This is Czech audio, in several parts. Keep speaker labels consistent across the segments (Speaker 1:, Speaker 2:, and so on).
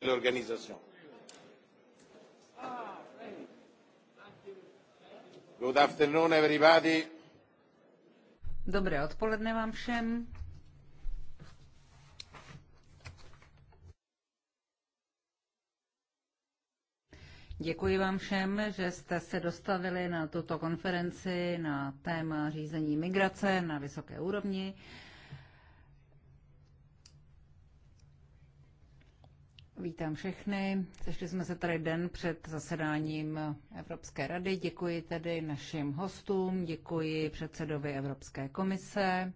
Speaker 1: de l'organisation. Good afternoon, everybody.
Speaker 2: Dobré odpoledne vám všem. Děkuji vám všem, že jste se dostavili na tuto konferenci na téma řízení migrace na vysoké úrovni. Vítám všechny. Sešli jsme se tady den před zasedáním Evropské rady. Děkuji tedy našim hostům, děkuji předsedovi Evropské komise.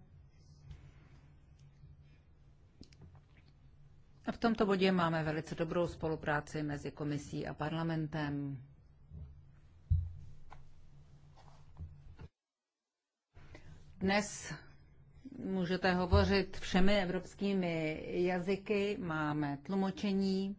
Speaker 2: A v tomto bodě máme velice dobrou spolupráci mezi komisí a parlamentem. Dnes Můžete hovořit všemi evropskými jazyky, máme tlumočení.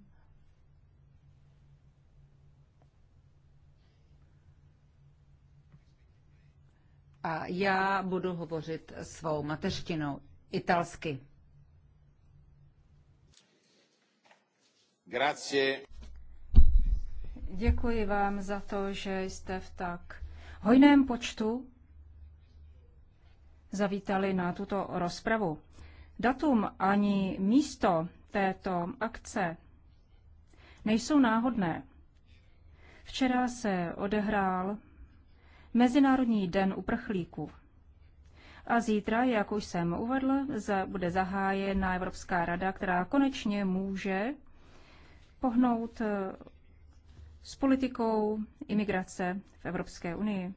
Speaker 2: A já budu hovořit svou mateřštinou,
Speaker 1: italsky.
Speaker 3: Grazie.
Speaker 1: Děkuji vám za to, že jste v tak hojném počtu zavítali na tuto rozpravu. Datum ani místo této akce nejsou náhodné. Včera se odehrál Mezinárodní den uprchlíků. A zítra, jak už jsem uvedl, bude zahájena Evropská rada, která konečně může pohnout eh, s politikou imigrace v Evropské unii.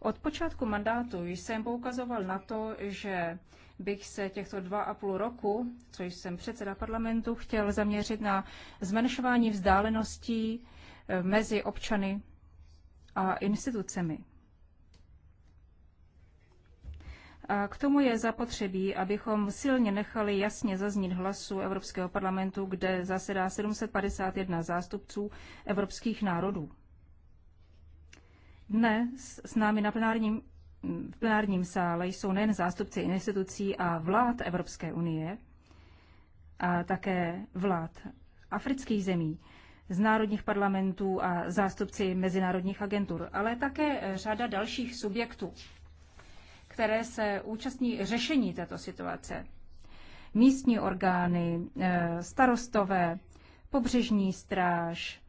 Speaker 1: Od počátku mandátu jsem poukazoval na to, že bych se těchto dva a půl roku, co jsem předseda parlamentu, chtěl zaměřit na zmenšování vzdáleností eh, mezi občany a institucemi. A k tomu je zapotřebí, abychom silně nechali jasně zaznít hlasu Evropského parlamentu, kde zasedá 751 zástupců evropských národů. Dnes s námi na plenárním, v plenárním sále jsou nejen zástupci institucí a vlád Evropské unie, a také vlád afrických zemí, z národních parlamentů a zástupci mezinárodních agentur, ale také eh, řada dalších subjektů, které se účastní řešení této situace. Místní orgány, eh, starostové, pobřežní stráž,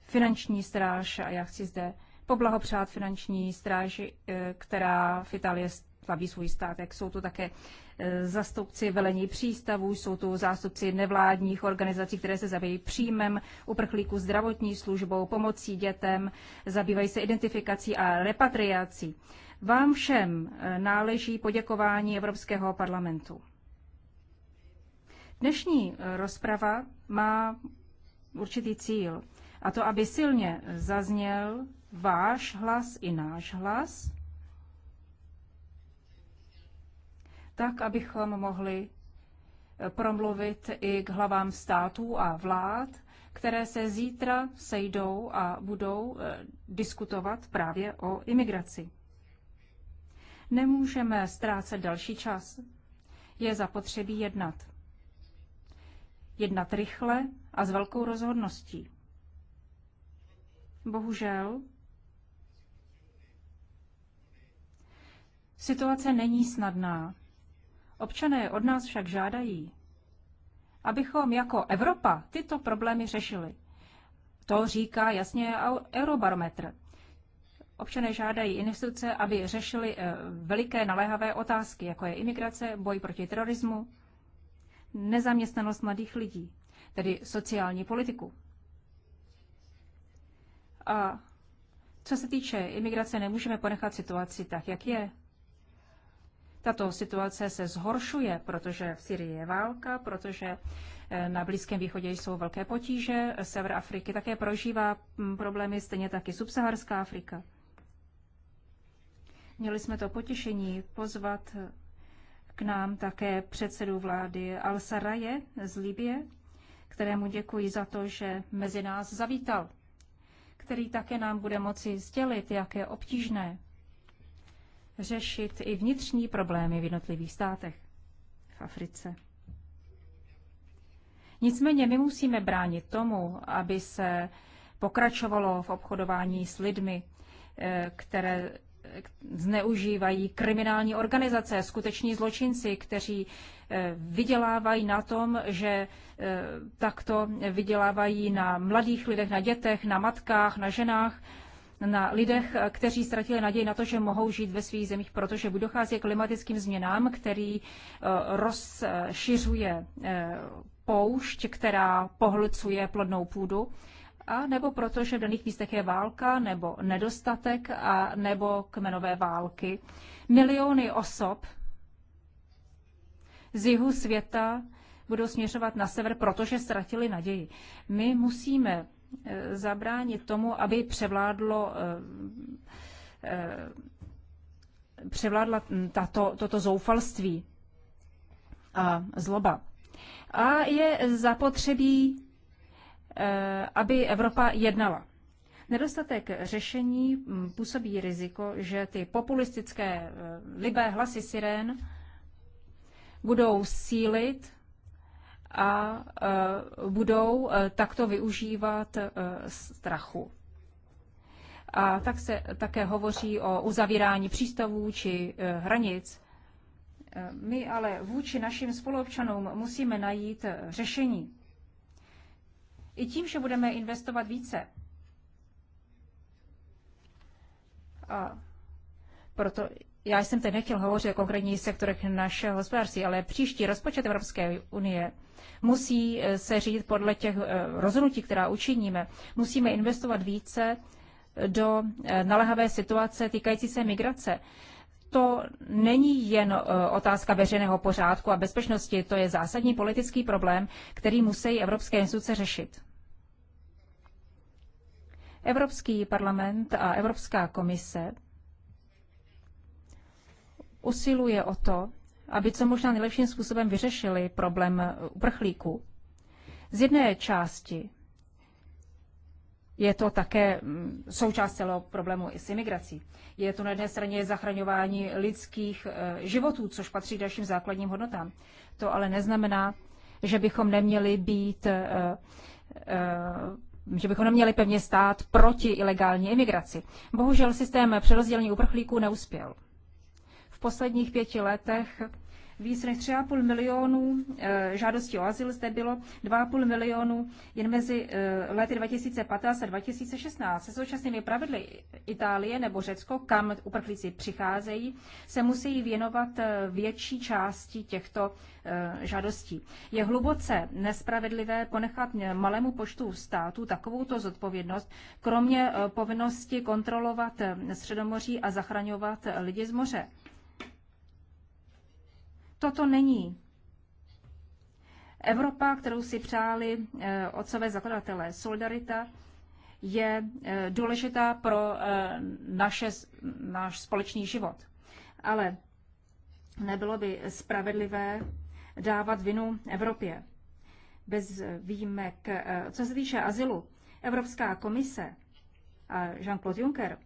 Speaker 1: finanční stráž a já chci zde poblahopřát finanční stráži, eh, která v Itálii slaví svůj státek. Jsou tu také eh, zastupci velení přístavů, jsou tu zástupci nevládních organizací, které se zabývají příjmem uprchlíků, zdravotní službou, pomocí dětem, zabývají se identifikací a repatriací. Vám všem eh, náleží poděkování Evropského parlamentu. Dnešní rozprava má určitý cíl, a to, aby silně zazněl váš hlas i náš hlas, tak abychom mohli eh, promluvit i k hlavám států a vlád, které se zítra sejdou a budou eh, diskutovat právě o imigraci. Nemůžeme ztrácet další čas. Je zapotřebí jednat. Jednat rychle a s velkou rozhodností. Bohužel, Situace není snadná. Občané od nás však žádají, abychom jako Evropa tyto problémy řešili. To říká jasně Eurobarometr. Občané žádají instituce, aby řešili eh, veliké naléhavé otázky, jako je imigrace, boj proti terorismu, nezaměstnanost mladých lidí, tedy sociální politiku. A co se týče imigrace, nemůžeme ponechat situaci tak, jak je. Tato situace se zhoršuje, protože v Syrii je válka, protože eh, na Blízkém východě jsou velké potíže, sever Afriky také prožívá mm, problémy, stejně taky subsaharská Afrika. Měli jsme to potěšení pozvat eh, k nám také předsedu vlády Al-Saraje z Libie, kterému děkuji za to, že mezi nás zavítal, který také nám bude moci sdělit, jaké obtížné řešit i vnitřní problémy v jednotlivých státech v Africe. Nicméně my musíme bránit tomu, aby se pokračovalo v obchodování s lidmi, eh, které eh, zneužívají kriminální organizace, skuteční zločinci, kteří eh, vydělávají na tom, že takto vydělávají na mladých lidech, na dětech, na matkách, na ženách na lidech, eh, kteří ztratili naději na to, že mohou žít ve svých zemích, protože buď dochází k klimatickým změnám, který eh, rozšiřuje eh, poušť, která pohlcuje plodnou půdu, a nebo protože v daných místech je válka, nebo nedostatek, a nebo kmenové války. Miliony osob z jihu světa budou směřovat na sever, protože ztratili naději. My musíme Eh, zabránit tomu, aby převládlo eh, eh, převládla tato, toto zoufalství a zloba. A je zapotřebí, aby Evropa jednala. Nedostatek řešení hm, působí riziko, že ty populistické libé hlasy sirén budou sílit a e, budou e, takto využívat e, strachu. A tak se také hovoří o uzavírání přístavů či hranic. My ale vůči našim spoluobčanům musíme najít řešení. I tím, že budeme investovat více. A proto já jsem teď nechtěl hovořit o konkrétních sektorech našeho hospodářství, ale příští rozpočet Evropské unie musí eh, se řídit podle těch eh, rozhodnutí, která učiníme. Musíme investovat více eh, do naléhavé situace týkající se migrace. To není jen otázka veřejného pořádku a bezpečnosti, to je zásadní politický problém, který musí evropské instituce řešit. Evropský parlament a Evropská komise usiluje o to, aby co možná nejlepším způsobem vyřešili problém uprchlíků. Z jedné části je to také mm, součást celého problému i s imigrací. Je to na jedné straně zachraňování lidských eh, životů, což patří k dalším základním hodnotám. To ale neznamená, že bychom neměli být, eh, eh, že bychom neměli pevně stát proti ilegální imigraci. Bohužel systém přerozdělení uprchlíků neuspěl. V posledních pěti letech víc než 3,5 milionů eh, žádostí o azyl zde bylo 2,5 milionů jen mezi eh, lety 2015 a 2016. Se současnými pravidly Itálie nebo Řecko, kam uprchlíci přicházejí, se musí věnovat eh, větší části těchto žádostí. Je hluboce nespravedlivé ponechat malému počtu států takovouto zodpovědnost, kromě povinnosti kontrolovat Středomoří a zachraňovat lidi z moře. Toto není Evropa, kterou si přáli eh, otcové zakladatelé. Solidarita je eh, důležitá pro eh, naše, náš společný život. Ale nebylo by spravedlivé dávat vinu Evropě. Bez výjimek, co se týče azylu, Evropská komise a Jean-Claude Juncker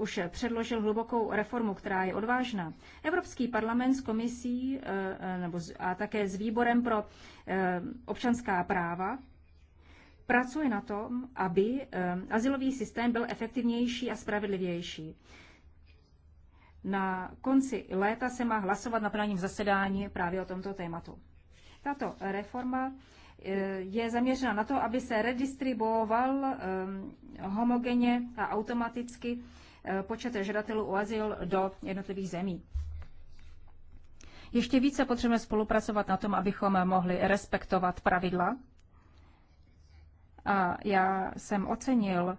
Speaker 1: už předložil hlubokou reformu, která je odvážná. Evropský parlament s komisí eh, eh, nebo a také s výborem pro eh, občanská práva pracuje na tom, aby asilový systém byl efektivnější a spravedlivější. Na konci léta se má hlasovat na plném zasedání právě o tomto tématu. Tato reforma je zaměřena na to, aby se redistribuoval homogenně a automaticky Eh, počet žadatelů o azyl do jednotlivých zemí. Ještě více potřebujeme spolupracovat na tom, abychom mohli respektovat pravidla. A já jsem ocenil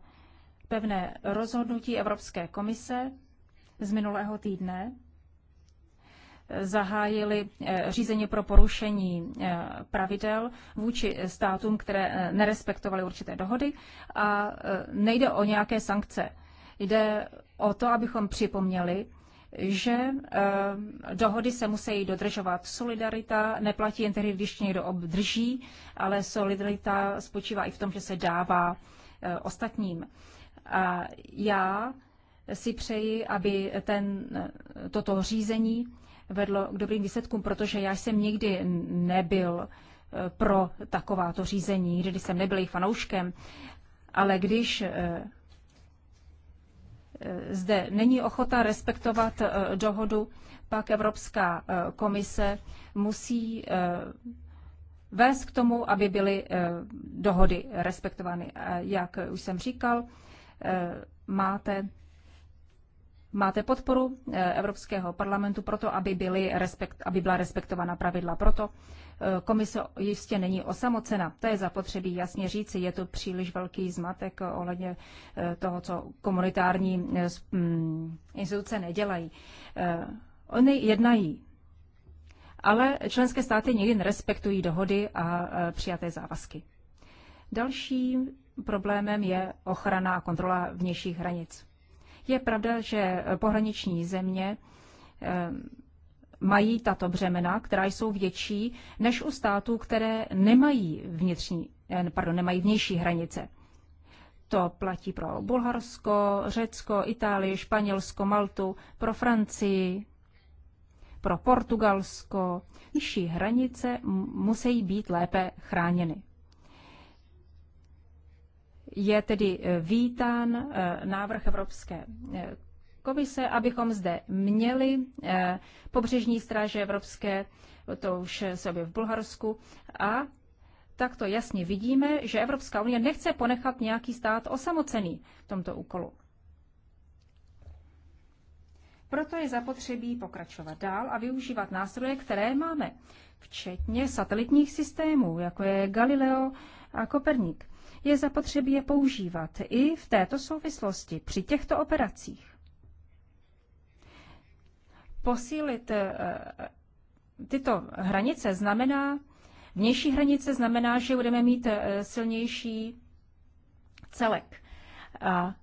Speaker 1: pevné rozhodnutí Evropské komise z minulého týdne. Zahájili eh, řízení pro porušení eh, pravidel vůči státům, které nerespektovaly určité dohody a nejde o nějaké sankce Jde o to, abychom připomněli, že eh, dohody se musí dodržovat. Solidarita neplatí jen tehdy, když někdo obdrží, ale solidarita spočívá i v tom, že se dává eh, ostatním. A já si přeji, aby ten, eh, toto řízení vedlo k dobrým výsledkům, protože já jsem nikdy nebyl pro takováto řízení, když jsem nebyl jejich fanouškem, ale když Eh, zde není ochota respektovat eh, dohodu, pak Evropská eh, komise musí vést k tomu, aby byly dohody respektovány. Jak už jsem říkal, máte, máte podporu Evropského parlamentu proto, aby, byly respekt, aby byla respektována pravidla. Proto Komise jistě není osamocena, to je zapotřebí jasně říci, je to příliš velký zmatek ohledně eh, toho, co komunitární eh, mm, instituce nedělají. Eh, oni jednají, ale členské státy nikdy nerespektují dohody a přijaté závazky. Dalším problémem je ochrana a kontrola vnějších hranic. Je pravda, že pohraniční země mají tato břemena, která jsou větší než u států, které nemají, vnitřní, eh, pardon, nemají vnější hranice. To platí pro Bulharsko, Řecko, Itálii, Španělsko, Maltu, pro Francii, pro Portugalsko. Nižší hranice musí být lépe chráněny. Je tedy eh, vítán eh, návrh Evropské komise, abychom zde měli eh, pobřežní stráže evropské, to už se v Bulharsku, a tak to jasně vidíme, že Evropská unie nechce ponechat nějaký stát osamocený v tomto úkolu. Proto je zapotřebí pokračovat dál a využívat nástroje, které máme, včetně satelitních systémů, jako je Galileo a Koperník. Je zapotřebí je používat i v této souvislosti při těchto operacích. Posílit eh, tyto hranice znamená, vnější hranice znamená, že budeme mít eh, silnější celek. A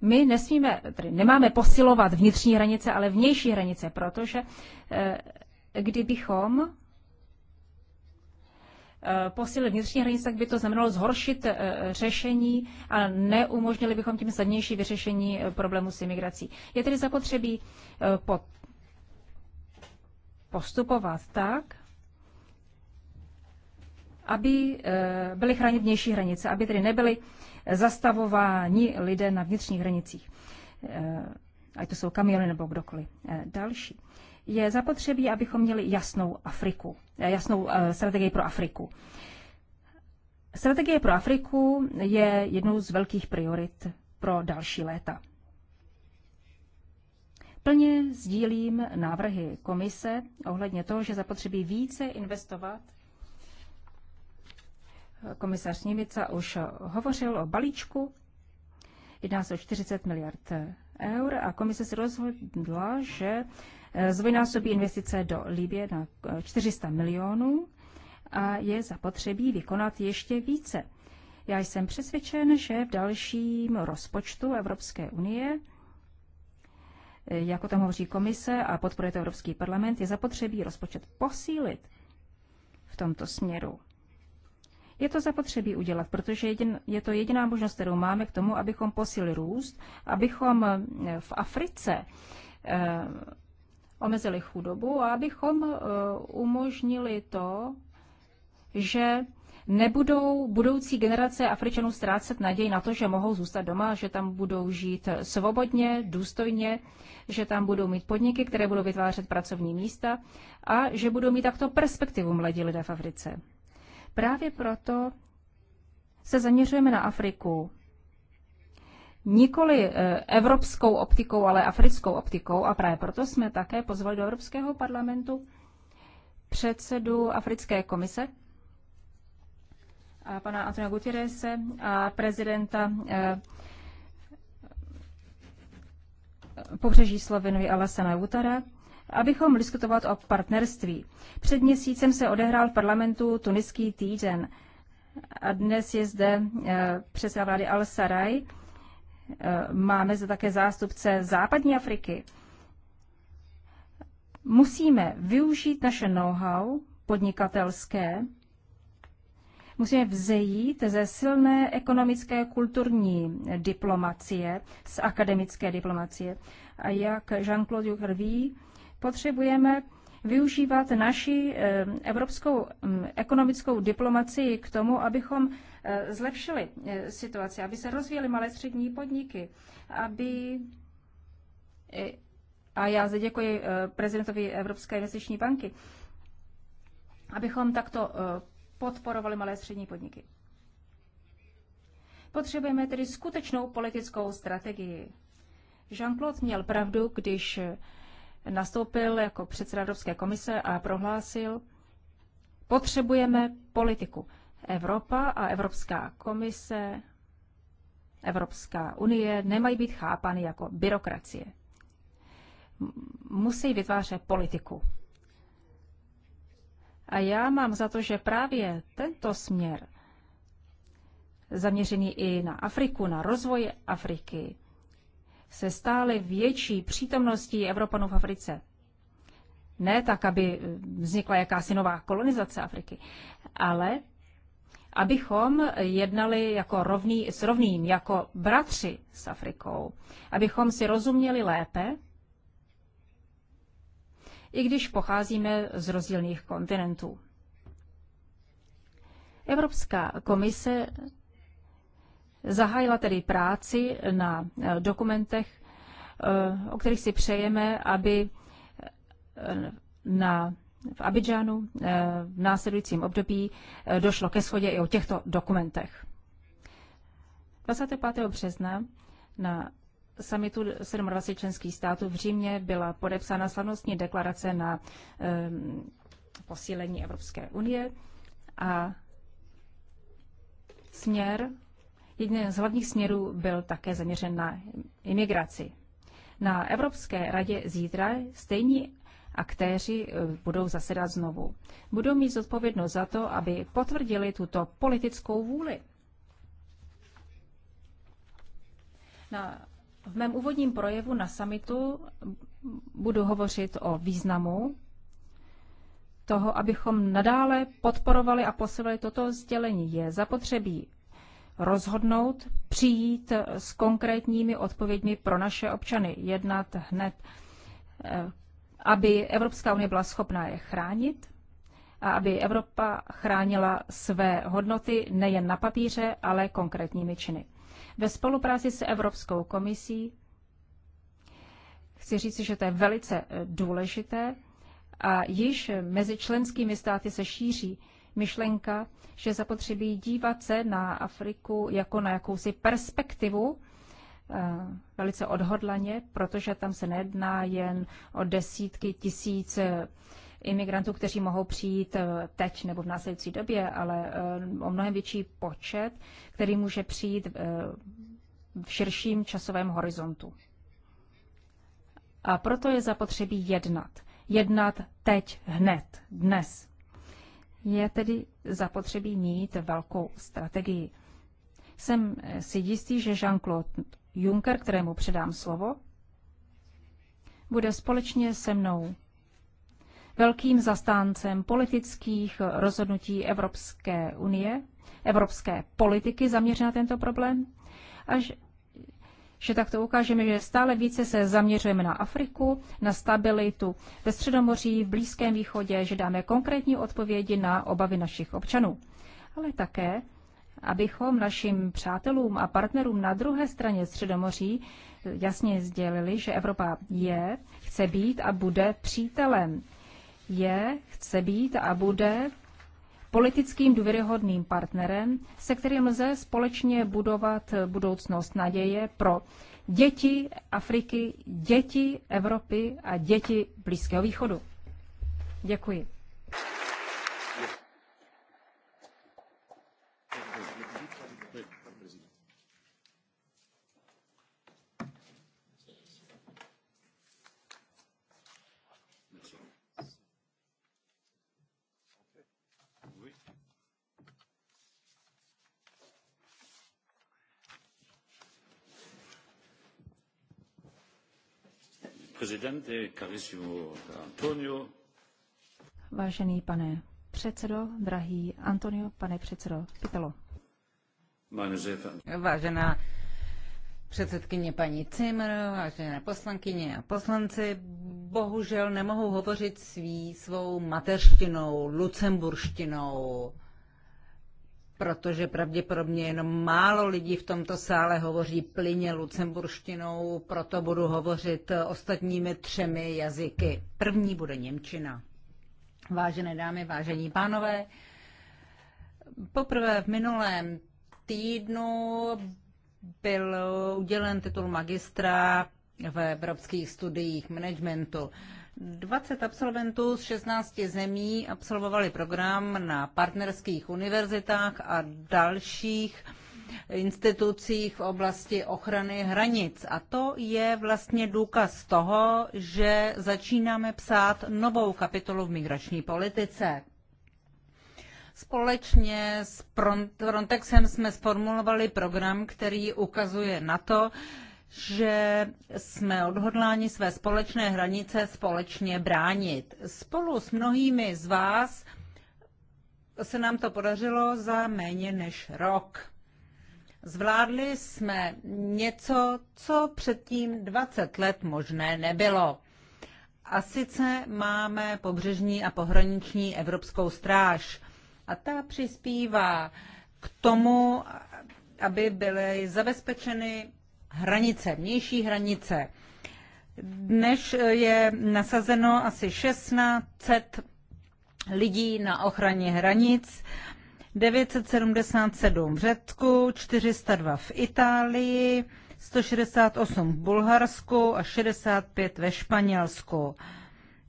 Speaker 1: my nesmíme, tedy nemáme posilovat vnitřní hranice, ale vnější hranice, protože eh, kdybychom Eh, posílit vnitřní hranice, tak by to znamenalo zhoršit eh, řešení a neumožnili bychom tím snadnější vyřešení eh, problému s imigrací. Je tedy zapotřebí postupovat tak, aby byly chráněny vnější hranice, aby tedy nebyly zastavováni lidé na vnitřních hranicích. Ať to jsou kamiony nebo kdokoliv další je zapotřebí, abychom měli jasnou Afriku, eh, jasnou eh, strategii pro Afriku. Strategie pro Afriku je jednou z velkých priorit pro další léta. Plně sdílím návrhy komise ohledně toho, že zapotřebí více investovat. Komisař Němica už hovořil o balíčku. Jedná se o 40 miliard eur a komise se rozhodla, že eh, zvojnásobí investice do Libie na 400 eh, milionů a je zapotřebí vykonat ještě více. Já jsem přesvědčen, že v dalším rozpočtu Evropské unie eh, jako tam hovoří komise a podporuje to Evropský parlament, je zapotřebí rozpočet posílit v tomto směru. Je to zapotřebí udělat, protože jedin, je to jediná možnost, kterou máme k tomu, abychom posili růst, abychom eh, v Africe eh, omezili chudobu a abychom eh, umožnili to, že nebudou budoucí generace Afričanů ztrácet naději na to, že mohou zůstat doma, že tam budou žít svobodně, důstojně, že tam budou mít podniky, které budou vytvářet pracovní místa a že budou mít takto perspektivu mladí lidé v Africe. Právě proto se zaměřujeme na Afriku. Nikoli eh, evropskou optikou, ale africkou optikou a právě proto jsme také pozvali do Evropského parlamentu předsedu Africké komise, a pana Antonia Gutierreze a prezidenta eh, pobřeží Slovenovy Alasana Utara abychom diskutovat o partnerství. Před měsícem se odehrál v parlamentu tuniský týden a dnes je zde eh, předseda vlády Al-Saraj. Eh, máme zde také zástupce západní Afriky. Musíme využít naše know-how podnikatelské, musíme vzejít ze silné ekonomické kulturní diplomacie, z akademické diplomacie. A jak Jean-Claude Juncker ví, Potřebujeme využívat naši eh, evropskou mm, ekonomickou diplomacii k tomu, abychom eh, zlepšili eh, situaci, aby se rozvíjely malé střední podniky, aby a já zde děkuji prezidentovi Evropské investiční banky, abychom takto podporovali malé střední podniky. Potřebujeme tedy skutečnou politickou strategii. Jean-Claude měl pravdu, když nastoupil jako předseda Evropské komise a prohlásil, potřebujeme politiku. Evropa a Evropská komise, Evropská unie nemají být chápány jako byrokracie. Musí vytvářet politiku. A já mám za to, že právě tento směr, zaměřený i na Afriku, na rozvoj Afriky, se stále větší přítomností Evropanů v Africe. Ne tak, aby vznikla jakási nová kolonizace Afriky, ale abychom jednali jako rovný, s rovným, jako bratři s Afrikou, abychom si rozuměli lépe, i když pocházíme z rozdílných kontinentů. Evropská komise Zahájila tedy práci na eh, dokumentech, eh, o kterých si přejeme, aby eh, na, v Abidžanu v následujícím období došlo ke shodě i o těchto dokumentech. 25. března na samitu 27 členských států v Římě byla podepsána slavnostní deklarace na um, posílení Evropské unie a směr Jeden z hlavních směrů byl také zaměřen na imigraci. Na Evropské radě zítra stejní aktéři eh, budou zasedat znovu. Budou mít zodpovědnost za to, aby potvrdili tuto politickou vůli. Na, v mém úvodním projevu na samitu budu hovořit o významu toho, abychom nadále podporovali a posilovali toto sdělení. Je zapotřebí rozhodnout, přijít s konkrétními odpověďmi pro naše občany, jednat hned, eh, aby Evropská unie byla schopná je chránit a aby Evropa chránila své hodnoty nejen na papíře, ale konkrétními činy. Ve spolupráci s Evropskou komisí chci říct, že to je velice eh, důležité a již mezi členskými státy se šíří myšlenka, že zapotřebí dívat se na Afriku jako na jakousi perspektivu, eh, velice odhodlaně, protože tam se nejedná jen o desítky tisíc eh, imigrantů, kteří mohou přijít eh, teď nebo v následující době, ale o mnohem větší počet, který může přijít v širším časovém horizontu. A proto je zapotřebí jednat. Jednat teď, hned, dnes. Je tedy zapotřebí mít velkou strategii. Jsem si jistý, že Jean-Claude Juncker, kterému předám slovo, bude společně se mnou velkým zastáncem politických rozhodnutí Evropské unie, evropské politiky zaměřené na tento problém, až že takto ukážeme, že stále více se zaměřujeme na Afriku, na stabilitu ve Středomoří, v Blízkém východě, že dáme konkrétní odpovědi na obavy našich občanů. Ale také, abychom našim přátelům a partnerům na druhé straně Středomoří jasně sdělili, že Evropa je, chce být a bude přítelem. Je, chce být a bude politickým důvěryhodným partnerem, se kterým lze společně budovat budoucnost naděje pro děti Afriky, děti Evropy a děti Blízkého východu. Děkuji. Vážený pane předsedo, drahý Antonio, pane předsedo Pitelo. Vážená předsedkyně paní Cimr, vážené
Speaker 2: poslankyně a poslanci, bohužel nemohu hovořit svý, svou mateřštinou, lucemburštinou protože pravděpodobně jenom málo lidí v tomto sále hovoří plyně lucemburštinou, proto budu hovořit ostatními třemi jazyky. První bude Němčina. Vážené dámy, vážení pánové, poprvé v minulém týdnu byl udělen titul magistra v evropských studiích managementu. 20 absolventů z 16 zemí absolvovali program na partnerských univerzitách a dalších institucích v oblasti ochrany hranic. A to je vlastně důkaz toho, že začínáme psát novou kapitolu v migrační politice. Společně s Frontexem jsme sformulovali program, který ukazuje na to, že jsme odhodláni své společné hranice společně bránit. Spolu s mnohými z vás se nám to podařilo za méně než rok. Zvládli jsme něco, co předtím 20 let možné nebylo. A sice máme pobřežní a pohraniční Evropskou stráž. A ta přispívá k tomu, aby byly zabezpečeny hranice, vnější hranice. Dnes eh, je nasazeno asi 1600 lidí na ochraně hranic, 977 v Řecku, 402 v Itálii, 168 v Bulharsku a 65 ve Španělsku.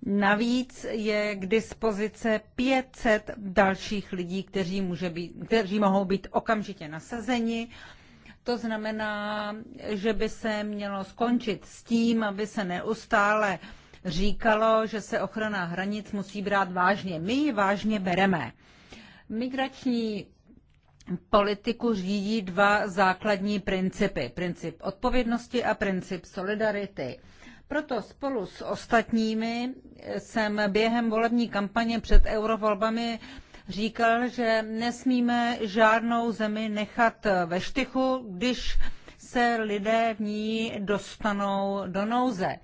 Speaker 2: Navíc je k dispozici 500 dalších lidí, kteří, může být, kteří mohou být okamžitě nasazeni. To znamená, že by se mělo skončit s tím, aby se neustále říkalo, že se ochrana hranic musí brát vážně. My ji vážně bereme. Migrační politiku řídí dva základní principy. Princip odpovědnosti a princip solidarity. Proto spolu s ostatními jsem během volební kampaně před eurovolbami říkal, že nesmíme žádnou zemi nechat ve štychu, když se lidé v ní dostanou do nouze.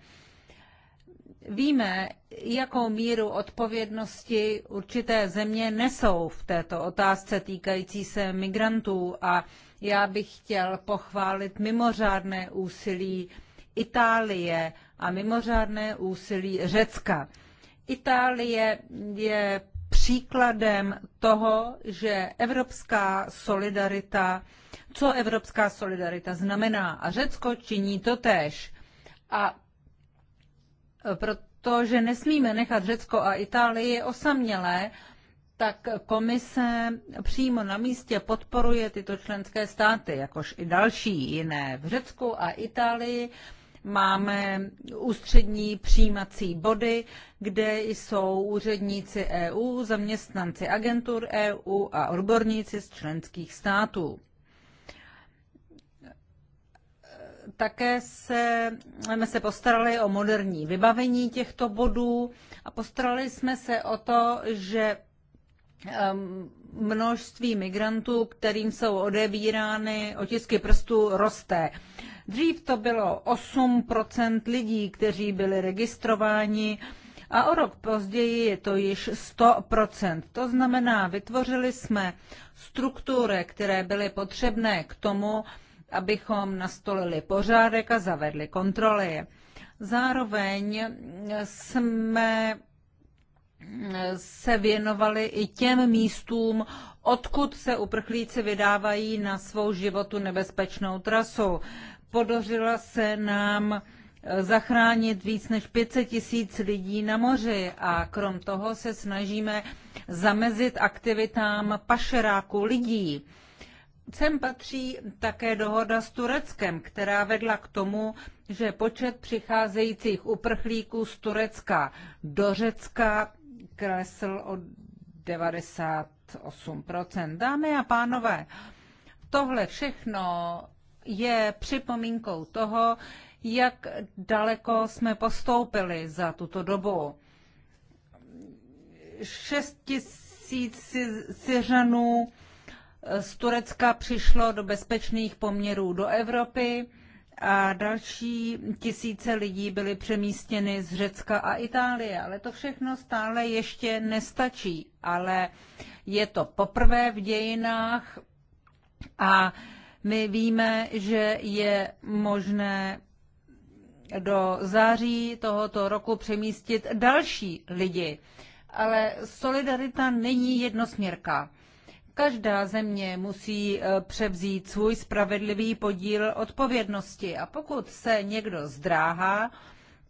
Speaker 2: Víme, jakou míru odpovědnosti určité země nesou v této otázce týkající se migrantů a já bych chtěl pochválit mimořádné úsilí Itálie a mimořádné úsilí Řecka. Itálie je příkladem toho, že evropská solidarita, co evropská solidarita znamená. A Řecko činí to tež. A protože nesmíme nechat Řecko a Itálii osamělé, tak komise přímo na místě podporuje tyto členské státy, jakož i další jiné. V Řecku a Itálii máme ústřední přijímací body, kde jsou úředníci EU, zaměstnanci agentur EU a odborníci z členských států. Také se, jsme se postarali o moderní vybavení těchto bodů a postarali jsme se o to, že ehm, množství migrantů, kterým jsou odebírány otisky prstů, roste. Dřív to bylo 8% lidí, kteří byli registrováni a o rok později je to již 100%. To znamená, vytvořili jsme struktury, které byly potřebné k tomu, abychom nastolili pořádek a zavedli kontroly. Zároveň jsme se věnovali i těm místům, odkud se uprchlíci vydávají na svou životu nebezpečnou trasu podařilo se nám eh, zachránit víc než 500 tisíc lidí na moři a krom toho se snažíme zamezit aktivitám pašeráku lidí. Sem patří také dohoda s Tureckem, která vedla k tomu, že počet přicházejících uprchlíků z Turecka do Řecka klesl o 98%. Dámy a pánové, tohle všechno je připomínkou toho, jak daleko jsme postoupili za tuto dobu. 6 tisíc Syřanů z Turecka přišlo do bezpečných poměrů do Evropy a další tisíce lidí byly přemístěny z Řecka a Itálie. Ale to všechno stále ještě nestačí. Ale je to poprvé v dějinách a my víme, že je možné do září tohoto roku přemístit další lidi. Ale solidarita není jednosměrka. Každá země musí eh, převzít svůj spravedlivý podíl odpovědnosti a pokud se někdo zdráhá,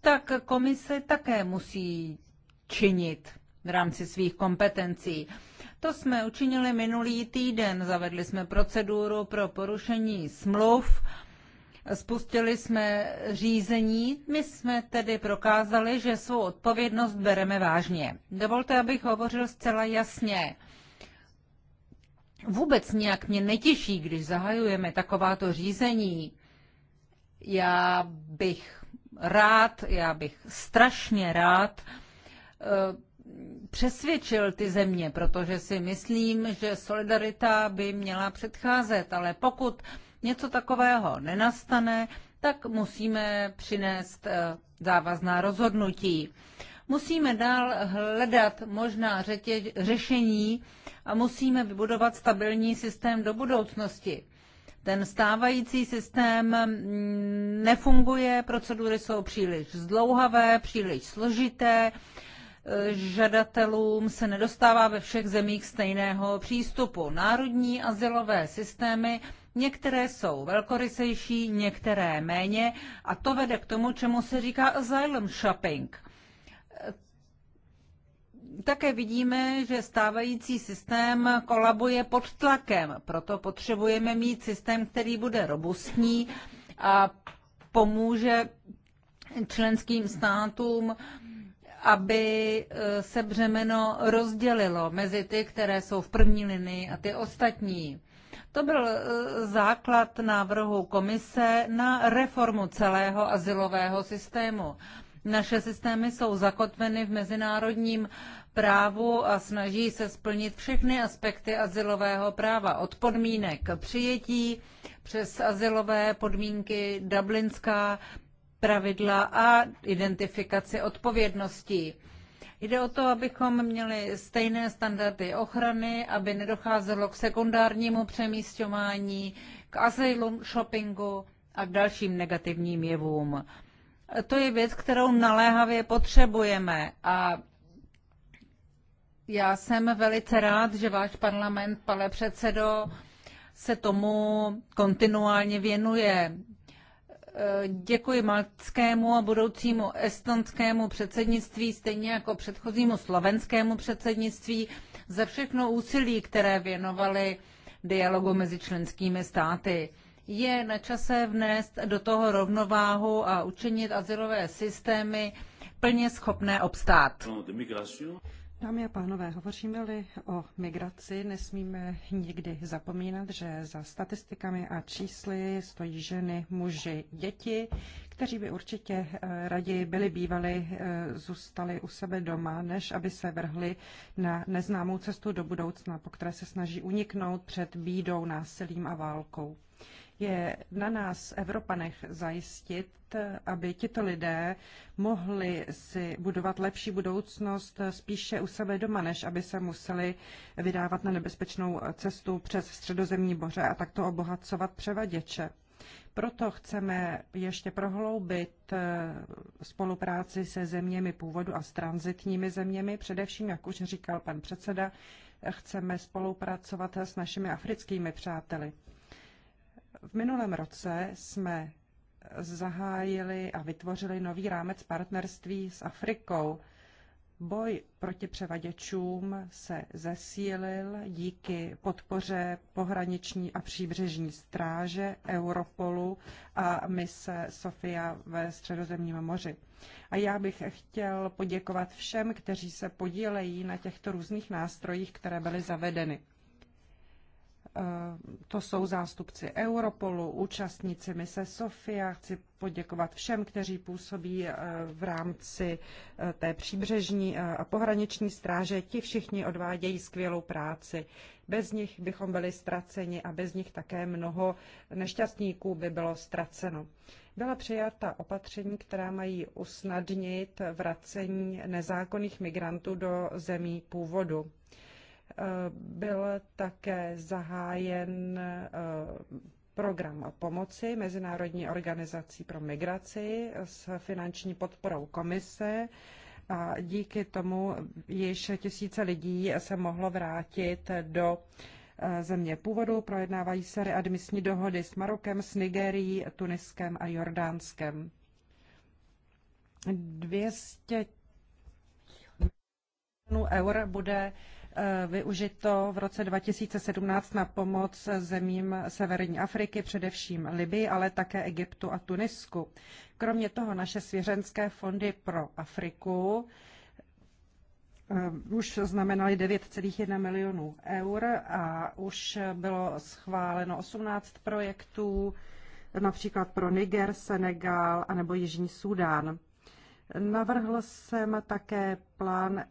Speaker 2: tak komise také musí činit v rámci svých kompetencí. To jsme učinili minulý týden. Zavedli jsme proceduru pro porušení smluv, spustili jsme řízení. My jsme tedy prokázali, že svou odpovědnost bereme vážně. Dovolte, abych hovořil zcela jasně. Vůbec nějak mě netěší, když zahajujeme takováto řízení. Já bych rád, já bych strašně rád eh, přesvědčil ty země, protože si myslím, že solidarita by měla předcházet, ale pokud něco takového nenastane, tak musíme přinést eh, závazná rozhodnutí. Musíme dál hledat možná řetě, řešení a musíme vybudovat stabilní systém do budoucnosti. Ten stávající systém mm, nefunguje, procedury jsou příliš zdlouhavé, příliš složité, žadatelům se nedostává ve všech zemích stejného přístupu. Národní asilové systémy Některé jsou velkorysejší, některé méně a to vede k tomu, čemu se říká asylum shopping. Také vidíme, že stávající systém kolabuje pod tlakem, proto potřebujeme mít systém, který bude robustní a pomůže členským státům uh, aby eh, se břemeno rozdělilo mezi ty, které jsou v první linii a ty ostatní. To byl eh, základ návrhu komise na reformu celého asilového systému. Naše systémy jsou zakotveny v mezinárodním právu a snaží se splnit všechny aspekty asilového práva od podmínek přijetí přes asilové podmínky dublinská pravidla a identifikaci odpovědností. Jde o to, abychom měli stejné standardy ochrany, aby nedocházelo k sekundárnímu přemístování, k asylum shoppingu a k dalším negativním jevům. To je věc, kterou naléhavě potřebujeme a já jsem velice rád, že váš parlament, pane předsedo, se tomu kontinuálně věnuje. Děkuji maltskému a budoucímu estonskému předsednictví, stejně jako předchozímu slovenskému předsednictví, za všechno úsilí, které věnovali dialogu mezi členskými státy. Je na čase vnést do toho rovnováhu a učinit azylové
Speaker 3: systémy plně schopné obstát. Dámy a pánové, hovoříme-li o migraci, nesmíme nikdy zapomínat, že za statistikami a čísly stojí ženy, muži, děti, kteří by určitě eh, raději byli bývali, eh, zůstali u sebe doma, než aby se vrhli na neznámou cestu do budoucna, po které se snaží uniknout před bídou, násilím a válkou. Je na nás, Evropanech, zajistit, aby tito lidé mohli si budovat lepší budoucnost spíše u sebe doma, než aby se museli vydávat na nebezpečnou cestu přes středozemní boře a takto obohacovat převaděče. Proto chceme ještě prohloubit eh, spolupráci se zeměmi původu a s transitními zeměmi. Především, jak už říkal pan předseda, chceme spolupracovat s našimi africkými přáteli. V minulém roce jsme zahájili a vytvořili nový rámec partnerství s Afrikou. Boj proti převaděčům se zesílil díky podpoře pohraniční a příbřežní stráže Europolu a mise Sofia ve Středozemním moři. A já bych chtěl poděkovat všem, kteří se podílejí na těchto různých nástrojích, které byly zavedeny. Eh, to jsou zástupci Europolu, účastníci mise Sofia. Chci poděkovat všem, kteří působí eh, v rámci eh, té příbřežní a pohraniční stráže. Ti všichni odvádějí skvělou práci. Bez nich bychom byli ztraceni a bez nich také mnoho nešťastníků by bylo ztraceno. Byla přijata opatření, která mají usnadnit vracení nezákonných migrantů do zemí původu byl také zahájen eh, program pomoci Mezinárodní organizací pro migraci s finanční podporou komise a díky tomu již tisíce lidí se mohlo vrátit do eh, země původu. Projednávají se readmisní dohody s Marokem, s Nigerií, Tuniskem a Jordánskem. 200 milionů eur bude Eh, využito v roce 2017 na pomoc zemím Severní Afriky, především Libii, ale také Egyptu a Tunisku. Kromě toho naše svěřenské fondy pro Afriku eh, už znamenaly 9,1 milionů eur a už bylo schváleno 18 projektů, například pro Niger, Senegal a nebo Jižní Súdán. Navrhl jsem také plán eh,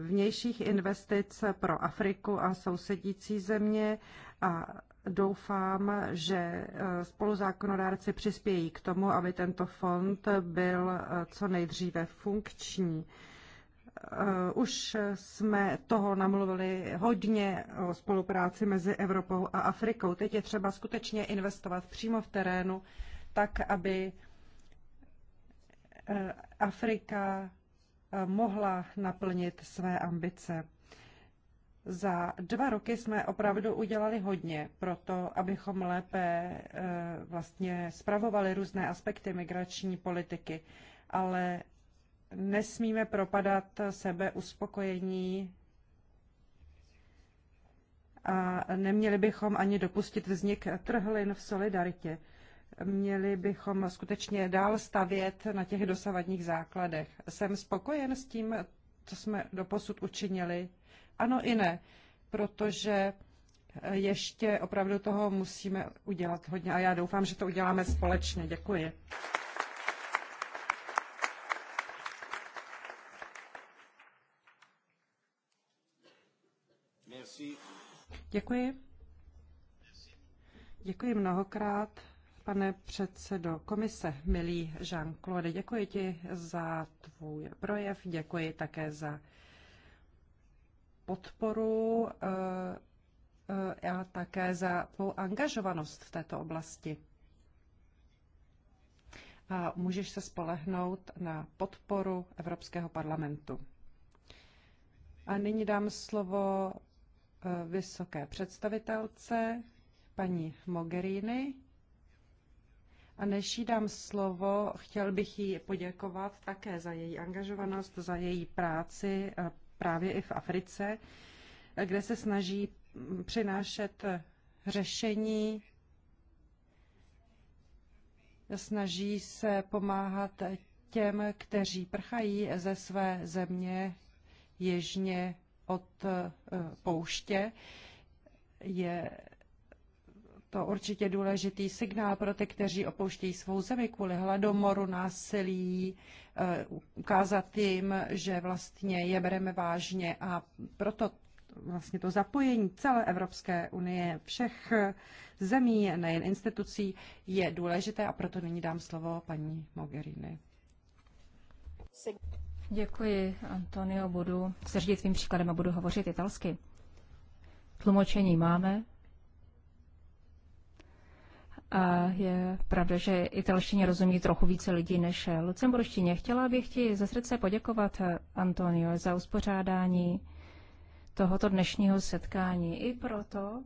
Speaker 3: vnějších investic pro Afriku a sousedící země a doufám, že eh, spoluzákonodárci přispějí k tomu, aby tento fond byl eh, co nejdříve funkční. Už jsme toho namluvili hodně o spolupráci mezi Evropou a Afrikou. Teď je třeba skutečně investovat přímo v terénu, tak aby Eh, Afrika eh, mohla naplnit své ambice. Za dva roky jsme opravdu udělali hodně pro to, abychom lépe eh, vlastně spravovali různé aspekty migrační politiky, ale nesmíme propadat sebe uspokojení a neměli bychom ani dopustit vznik trhlin v solidaritě měli bychom skutečně dál stavět na těch dosavadních základech. Jsem spokojen s tím, co jsme doposud učinili? Ano i ne, protože ještě opravdu toho musíme udělat hodně a já doufám, že to uděláme společně. Děkuji. Děkuji. Děkuji mnohokrát pane předsedo komise, milý Jean-Claude. Děkuji ti za tvůj projev, děkuji také za podporu eh, eh, a také za tvou angažovanost v této oblasti. A můžeš se spolehnout na podporu Evropského parlamentu. A nyní dám slovo eh, vysoké představitelce, paní Mogherini. A než jí dám slovo, chtěl bych jí poděkovat také za její angažovanost, za její práci eh, právě i v Africe, eh, kde se snaží mm, přinášet eh, řešení, snaží se pomáhat těm, kteří prchají ze své země jižně od pouště. Je to určitě důležitý signál pro ty, kteří opouštějí svou zemi kvůli hladomoru, násilí, eh, ukázat jim, že vlastně je bereme vážně a proto vlastně to zapojení celé Evropské unie, všech zemí, nejen institucí, je důležité a proto nyní dám slovo paní Mogherini.
Speaker 1: Děkuji, Antonio. Budu se řídit svým příkladem a budu hovořit italsky. Tlumočení máme, a je pravda, že italštině rozumí trochu více lidí než lucemburštině. Chtěla bych ti ze srdce poděkovat, Antonio, za uspořádání tohoto dnešního setkání. I proto,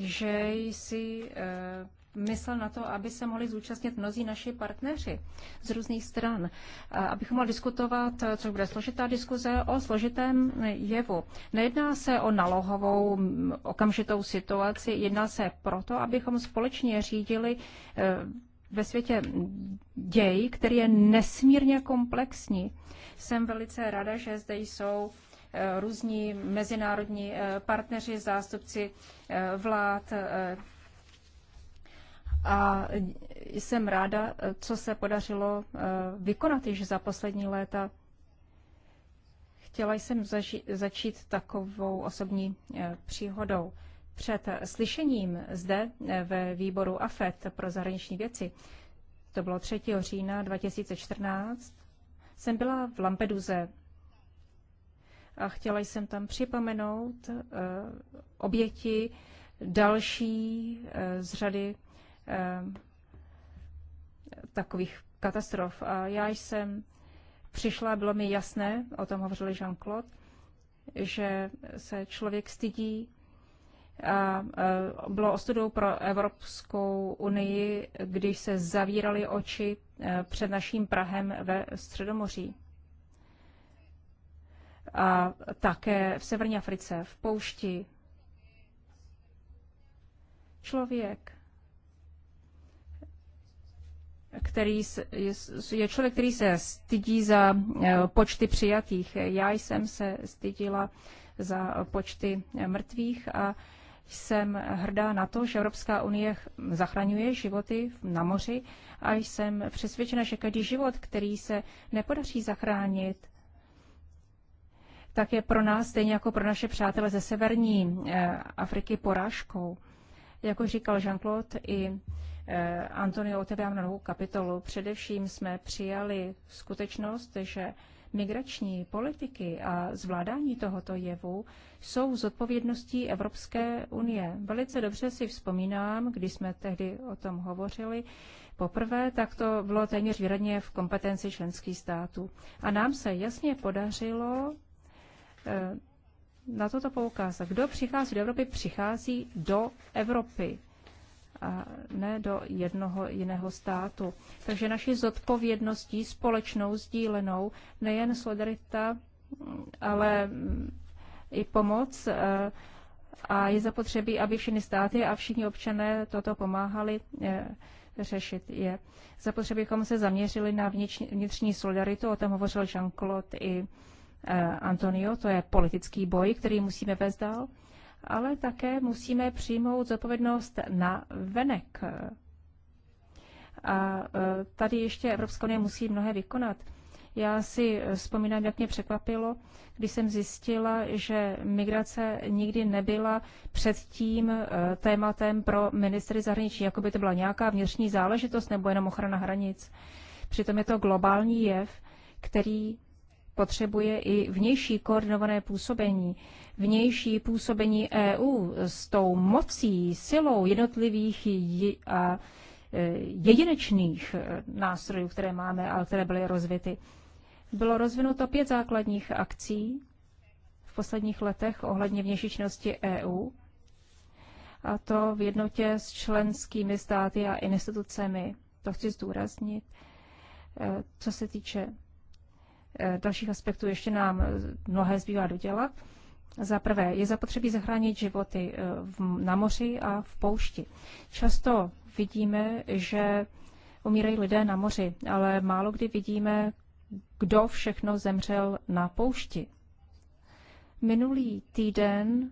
Speaker 1: že jsi eh, myslel na to, aby se mohli zúčastnit mnozí naši partneři z různých stran, abychom mohli diskutovat, co bude složitá diskuze, o složitém jevu. Nejedná se o nalohovou okamžitou situaci, jedná se proto, abychom společně řídili e, ve světě děj, který je nesmírně komplexní. Jsem velice rada, že zde jsou e, různí mezinárodní e, partneři, zástupci vlád, a jsem ráda, co se podařilo eh, vykonat již za poslední léta. Chtěla jsem začít takovou osobní eh, příhodou. Před slyšením zde eh, ve výboru AFET pro zahraniční věci, to bylo 3. října 2014, jsem byla v Lampeduze a chtěla jsem tam připomenout oběti další z řady Eh, takových katastrof. A já jsem přišla, bylo mi jasné, o tom hovořil Jean-Claude, že se člověk stydí a eh, bylo ostudou pro Evropskou unii, když se zavíraly oči eh, před naším Prahem ve Středomoří. A také v Severní Africe, v poušti. Člověk který je člověk, který se stydí za eh, počty přijatých. Já jsem se stydila za počty mrtvých a jsem hrdá na to, že Evropská unie zachraňuje životy na moři a jsem přesvědčena, že každý život, který se nepodaří zachránit, tak je pro nás, stejně jako pro naše přátele ze severní eh, Afriky, porážkou. Jako říkal Jean-Claude, i Eh, Antonio otevírám novou kapitolu. Především jsme přijali skutečnost, že migrační politiky a zvládání tohoto jevu jsou zodpovědností Evropské unie. Velice dobře si vzpomínám, když jsme tehdy o tom hovořili poprvé, tak to bylo téměř výradně v kompetenci členských států. A nám se jasně podařilo eh, na toto poukázat. Kdo přichází do Evropy, přichází do Evropy a ne do jednoho jiného státu. Takže naši zodpovědností společnou, sdílenou, nejen solidarita, ale i pomoc eh, a je zapotřebí, aby všechny státy a všichni občané toto pomáhali eh, řešit je. Zapotřebí, abychom se zaměřili na vnitřní solidaritu, o tom hovořil Jean-Claude i eh, Antonio, to je politický boj, který musíme vést dál ale také musíme přijmout zodpovědnost na venek. A e, tady ještě Evropská unie musí mnohé vykonat. Já si vzpomínám, jak mě překvapilo, když jsem zjistila, že migrace nikdy nebyla předtím e, tématem pro ministry zahraničí, jako by to byla nějaká vnitřní záležitost nebo jenom ochrana hranic. Přitom je to globální jev, který potřebuje i vnější koordinované působení vnější působení EU s tou mocí, silou jednotlivých a e, jedinečných e, nástrojů, které máme a které byly rozvity. Bylo rozvinuto pět základních akcí v posledních letech ohledně vnější činnosti EU, a to v jednotě s členskými státy a institucemi. To chci zdůraznit. E, co se týče dalších aspektů, ještě nám mnohé zbývá dodělat. Za prvé, je zapotřebí zachránit životy eh, na moři a v poušti. Často vidíme, že umírají lidé na moři, ale málo kdy vidíme, kdo všechno zemřel na poušti. Minulý týden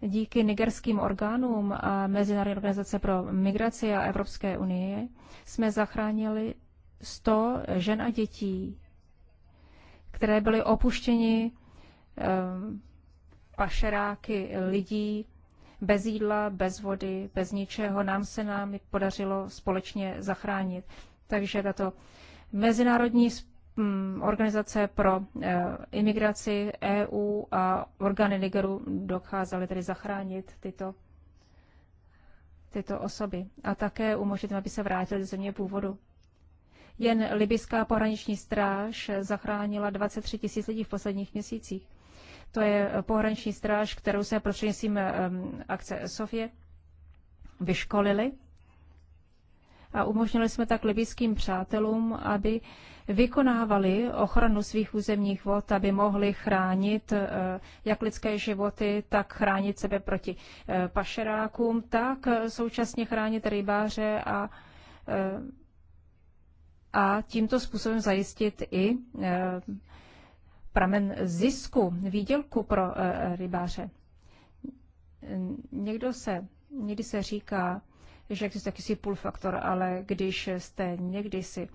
Speaker 1: díky nigerským orgánům a Mezinárodní organizace pro migraci a Evropské unie jsme zachránili 100 žen a dětí které byly opuštěni ehm, pašeráky lidí bez jídla, bez vody, bez ničeho. Nám se nám podařilo společně zachránit. Takže tato mezinárodní mm, organizace pro eh, imigraci EU a orgány Nigeru dokázaly tedy zachránit tyto, tyto osoby a také umožnit, aby se vrátili do země původu. Jen libyská pohraniční stráž zachránila 23 tisíc lidí v posledních měsících. To je pohraniční stráž, kterou se prostřednictvím akce Sofie vyškolili a umožnili jsme tak libyským přátelům, aby vykonávali ochranu svých územních vod, aby mohli chránit eh, jak lidské životy, tak chránit sebe proti eh, pašerákům, tak eh, současně chránit rybáře a a tímto způsobem zajistit i eh, pramen zisku, výdělku pro eh, rybáře. Někdo se, někdy se říká, že existuje jakýsi půl faktor, ale když jste někdy si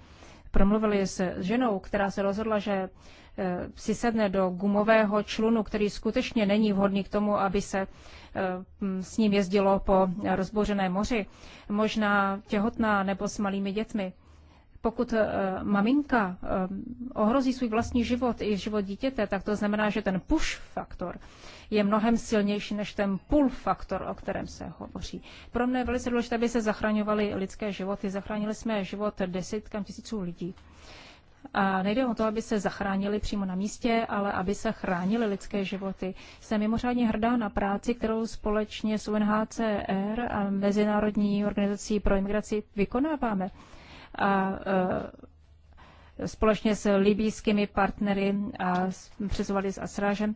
Speaker 1: promluvili s ženou, která se rozhodla, že eh, si sedne do gumového člunu, který skutečně není vhodný k tomu, aby se s ním jezdilo po rozbořené moři, možná těhotná nebo s malými dětmi, pokud eh, maminka eh, ohrozí svůj vlastní život i život dítěte, tak to znamená, že ten push faktor je mnohem silnější než ten pull faktor, o kterém se hovoří. Pro mě je velice důležité, aby se zachraňovaly lidské životy. Zachránili jsme život desítkám tisíců lidí. A nejde o to, aby se zachránili přímo na místě, ale aby se chránili lidské životy. Jsem mimořádně hrdá na práci, kterou společně s UNHCR a Mezinárodní organizací pro imigraci vykonáváme a e, společně s libýskými partnery a přizvali s Asrážem.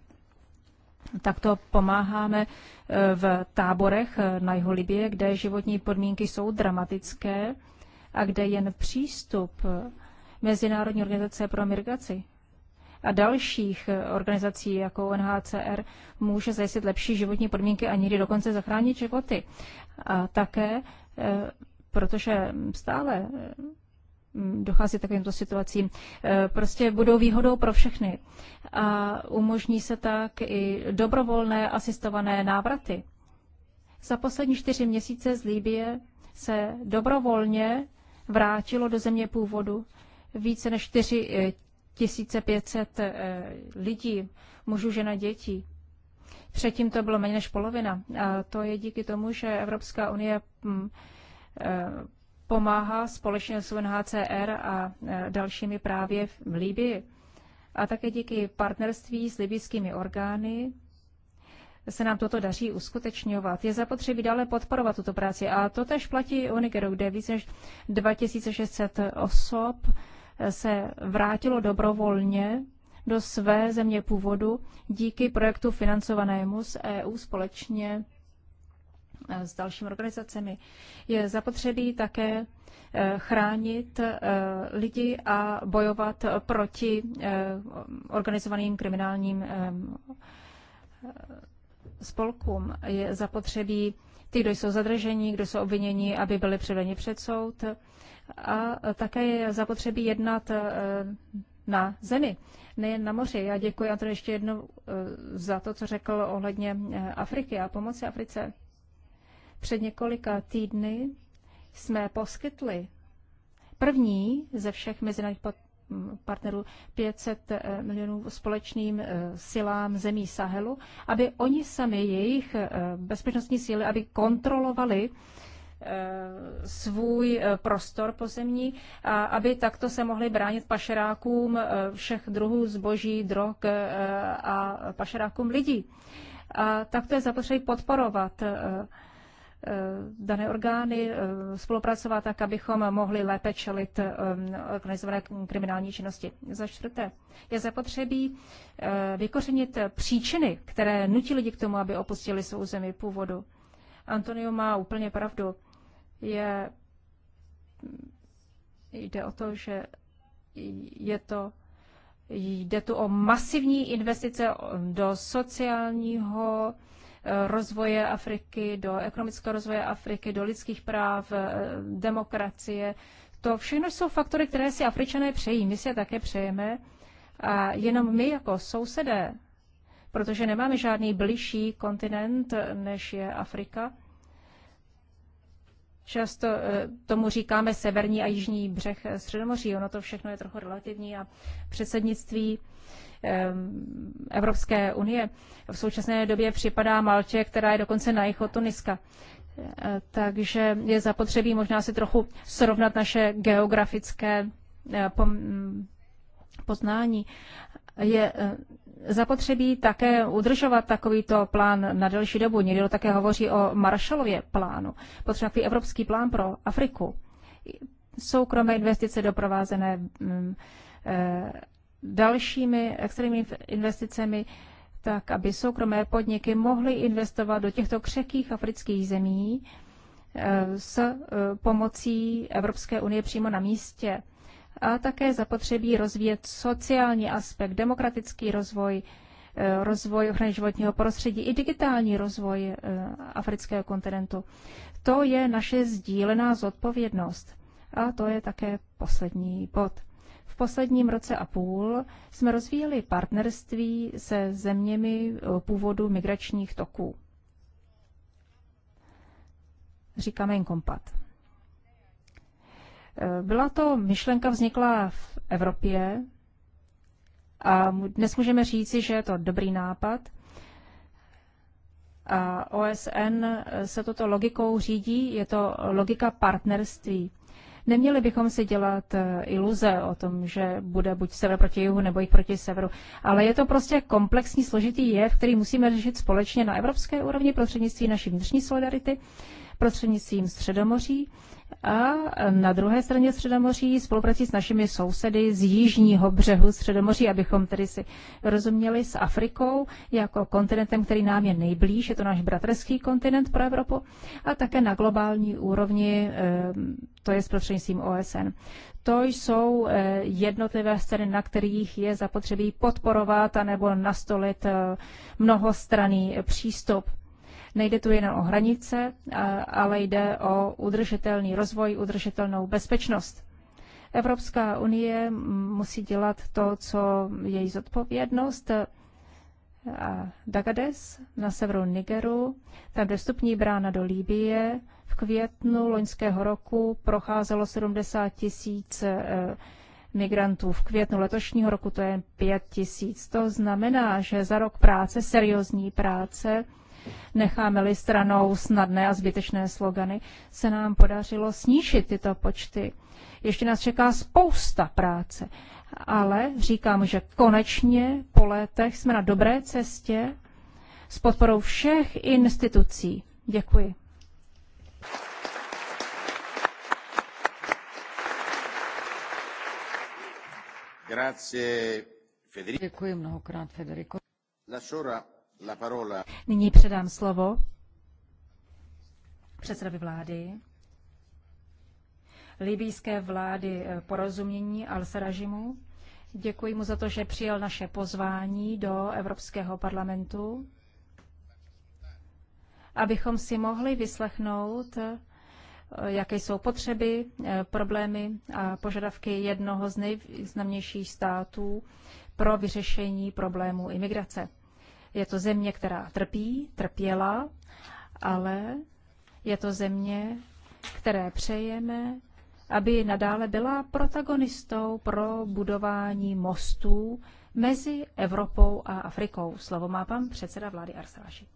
Speaker 1: Takto pomáháme e, v táborech e, na jihu Libie, kde životní podmínky jsou dramatické a kde jen přístup Mezinárodní organizace pro migraci a dalších organizací jako UNHCR může zajistit lepší životní podmínky a někdy dokonce zachránit životy. A také protože stále mm, dochází k takovýmto situacím, eh, prostě budou výhodou pro všechny. A umožní se tak i dobrovolné asistované návraty. Za poslední čtyři měsíce z Líbie se dobrovolně vrátilo do země původu více než 4 500 eh, eh, lidí, mužů, žena, dětí. Předtím to bylo méně než polovina. A to je díky tomu, že Evropská unie mm, pomáhá společně s UNHCR a e, dalšími právě v Libii. A také díky partnerství s libijskými orgány se nám toto daří uskutečňovat. Je zapotřebí dále podporovat tuto práci. A to tež platí o Nigeru, kde více než 2600 osob se vrátilo dobrovolně do své země původu díky projektu financovanému z EU společně Eh, s dalšími organizacemi. Je zapotřebí také eh, chránit eh, lidi a bojovat proti organizovaným kriminálním spolkům. Je zapotřebí ty, kdo jsou zadrženi, kdo jsou obviněni, aby byli předveni před soud. A také je zapotřebí jednat na zemi, nejen na moři. Já děkuji to ještě jednou za to, co řekl ohledně Afriky a pomoci Africe. Před několika týdny jsme poskytli první ze všech mezinárodních partnerů 500 eh, milionů společným eh, silám zemí Sahelu, aby oni sami, jejich eh, bezpečnostní síly, aby kontrolovali svůj prostor pozemní, a aby takto se mohli bránit pašerákům všech druhů zboží, drog a pašerákům lidí. A takto je zapotřebí podporovat Eh, dané orgány eh, spolupracovat tak, abychom mohli lépe čelit organizované kriminální činnosti. Za čtvrté, je zapotřebí eh, vykořenit příčiny, které nutí lidi k tomu, aby opustili svou zemi původu. Antonio má úplně pravdu. Je, jde o to, že je to Jde tu o masivní investice do sociálního rozvoje Afriky, do ekonomického rozvoje Afriky, do lidských práv, eh, demokracie. To všechno jsou faktory, které si Afričané přejí. My si je také přejeme. A jenom my jako sousedé, protože nemáme žádný blížší kontinent, než je Afrika, často eh, tomu říkáme severní a jižní břeh Středomoří. Ono to všechno je trochu relativní a předsednictví Evropské unie. V současné době připadá Malče, která je dokonce na jich Tuniska. E, takže je zapotřebí možná si trochu srovnat naše geografické e, poznání. Je e, zapotřebí také udržovat takovýto plán na delší dobu. Někdo také hovoří o Marshallově plánu. Potřebuje evropský plán pro Afriku. Soukromé investice doprovázené dalšími extrémními investicemi, tak aby soukromé podniky mohly investovat do těchto křehkých afrických zemí eh, s eh, pomocí Evropské unie přímo na místě. A také zapotřebí rozvíjet sociální aspekt, demokratický rozvoj, eh, rozvoj ochrany životního prostředí i digitální rozvoj afrického kontinentu. To je naše sdílená zodpovědnost. A to je také poslední bod posledním roce a půl jsme rozvíjeli partnerství se zeměmi eh, původu migračních toků. Říkáme jim kompat. Eh, byla to myšlenka vznikla v Evropě a dnes můžeme říci, že je to dobrý nápad. A OSN eh, se toto logikou řídí, je to logika partnerství. Neměli bychom si dělat eh, iluze o tom, že bude buď sever proti jihu nebo jich proti severu, ale je to prostě komplexní složitý jev, který musíme řešit společně na evropské úrovni prostřednictvím naší vnitřní solidarity prostřednictvím Středomoří a na druhé straně Středomoří spolupráci s našimi sousedy z jižního břehu Středomoří, abychom tedy si rozuměli s Afrikou jako kontinentem, který nám je nejblíž, je to náš bratrský kontinent pro Evropu a také na globální úrovni, eh, to je s prostřednictvím OSN. To jsou eh, jednotlivé scény, na kterých je zapotřebí podporovat anebo nastolit eh, mnohostranný přístup Nejde tu jen o hranice, ale jde o udržitelný rozvoj, udržitelnou bezpečnost. Evropská unie musí dělat to, co je její zodpovědnost. A Dagades na severu Nigeru, tam dostupní brána do Líbie, v květnu loňského roku procházelo 70 tisíc e, migrantů. V květnu letošního roku to je 5 tisíc. To znamená, že za rok práce, seriózní práce, necháme-li stranou snadné a zbytečné slogany, se nám podařilo snížit tyto počty. Ještě nás čeká spousta práce, ale říkám, že konečně po letech jsme na dobré cestě s podporou všech institucí.
Speaker 4: Děkuji. Grazie, Děkuji mnohokrát, Federico. La sora Nyní předám slovo
Speaker 1: předsedovi vlády, libijské vlády eh, porozumění Al-Saražimu. Děkuji mu za to, že přijal naše pozvání do Evropského parlamentu, abychom si mohli vyslechnout, eh, jaké jsou potřeby, eh, problémy a požadavky jednoho z nejvýznamnějších států pro vyřešení problému imigrace. Je to země, která trpí, trpěla, ale je to země, které přejeme, aby nadále byla protagonistou pro budování mostů mezi Evropou a Afrikou. Slovo má pan předseda vlády Arsáši.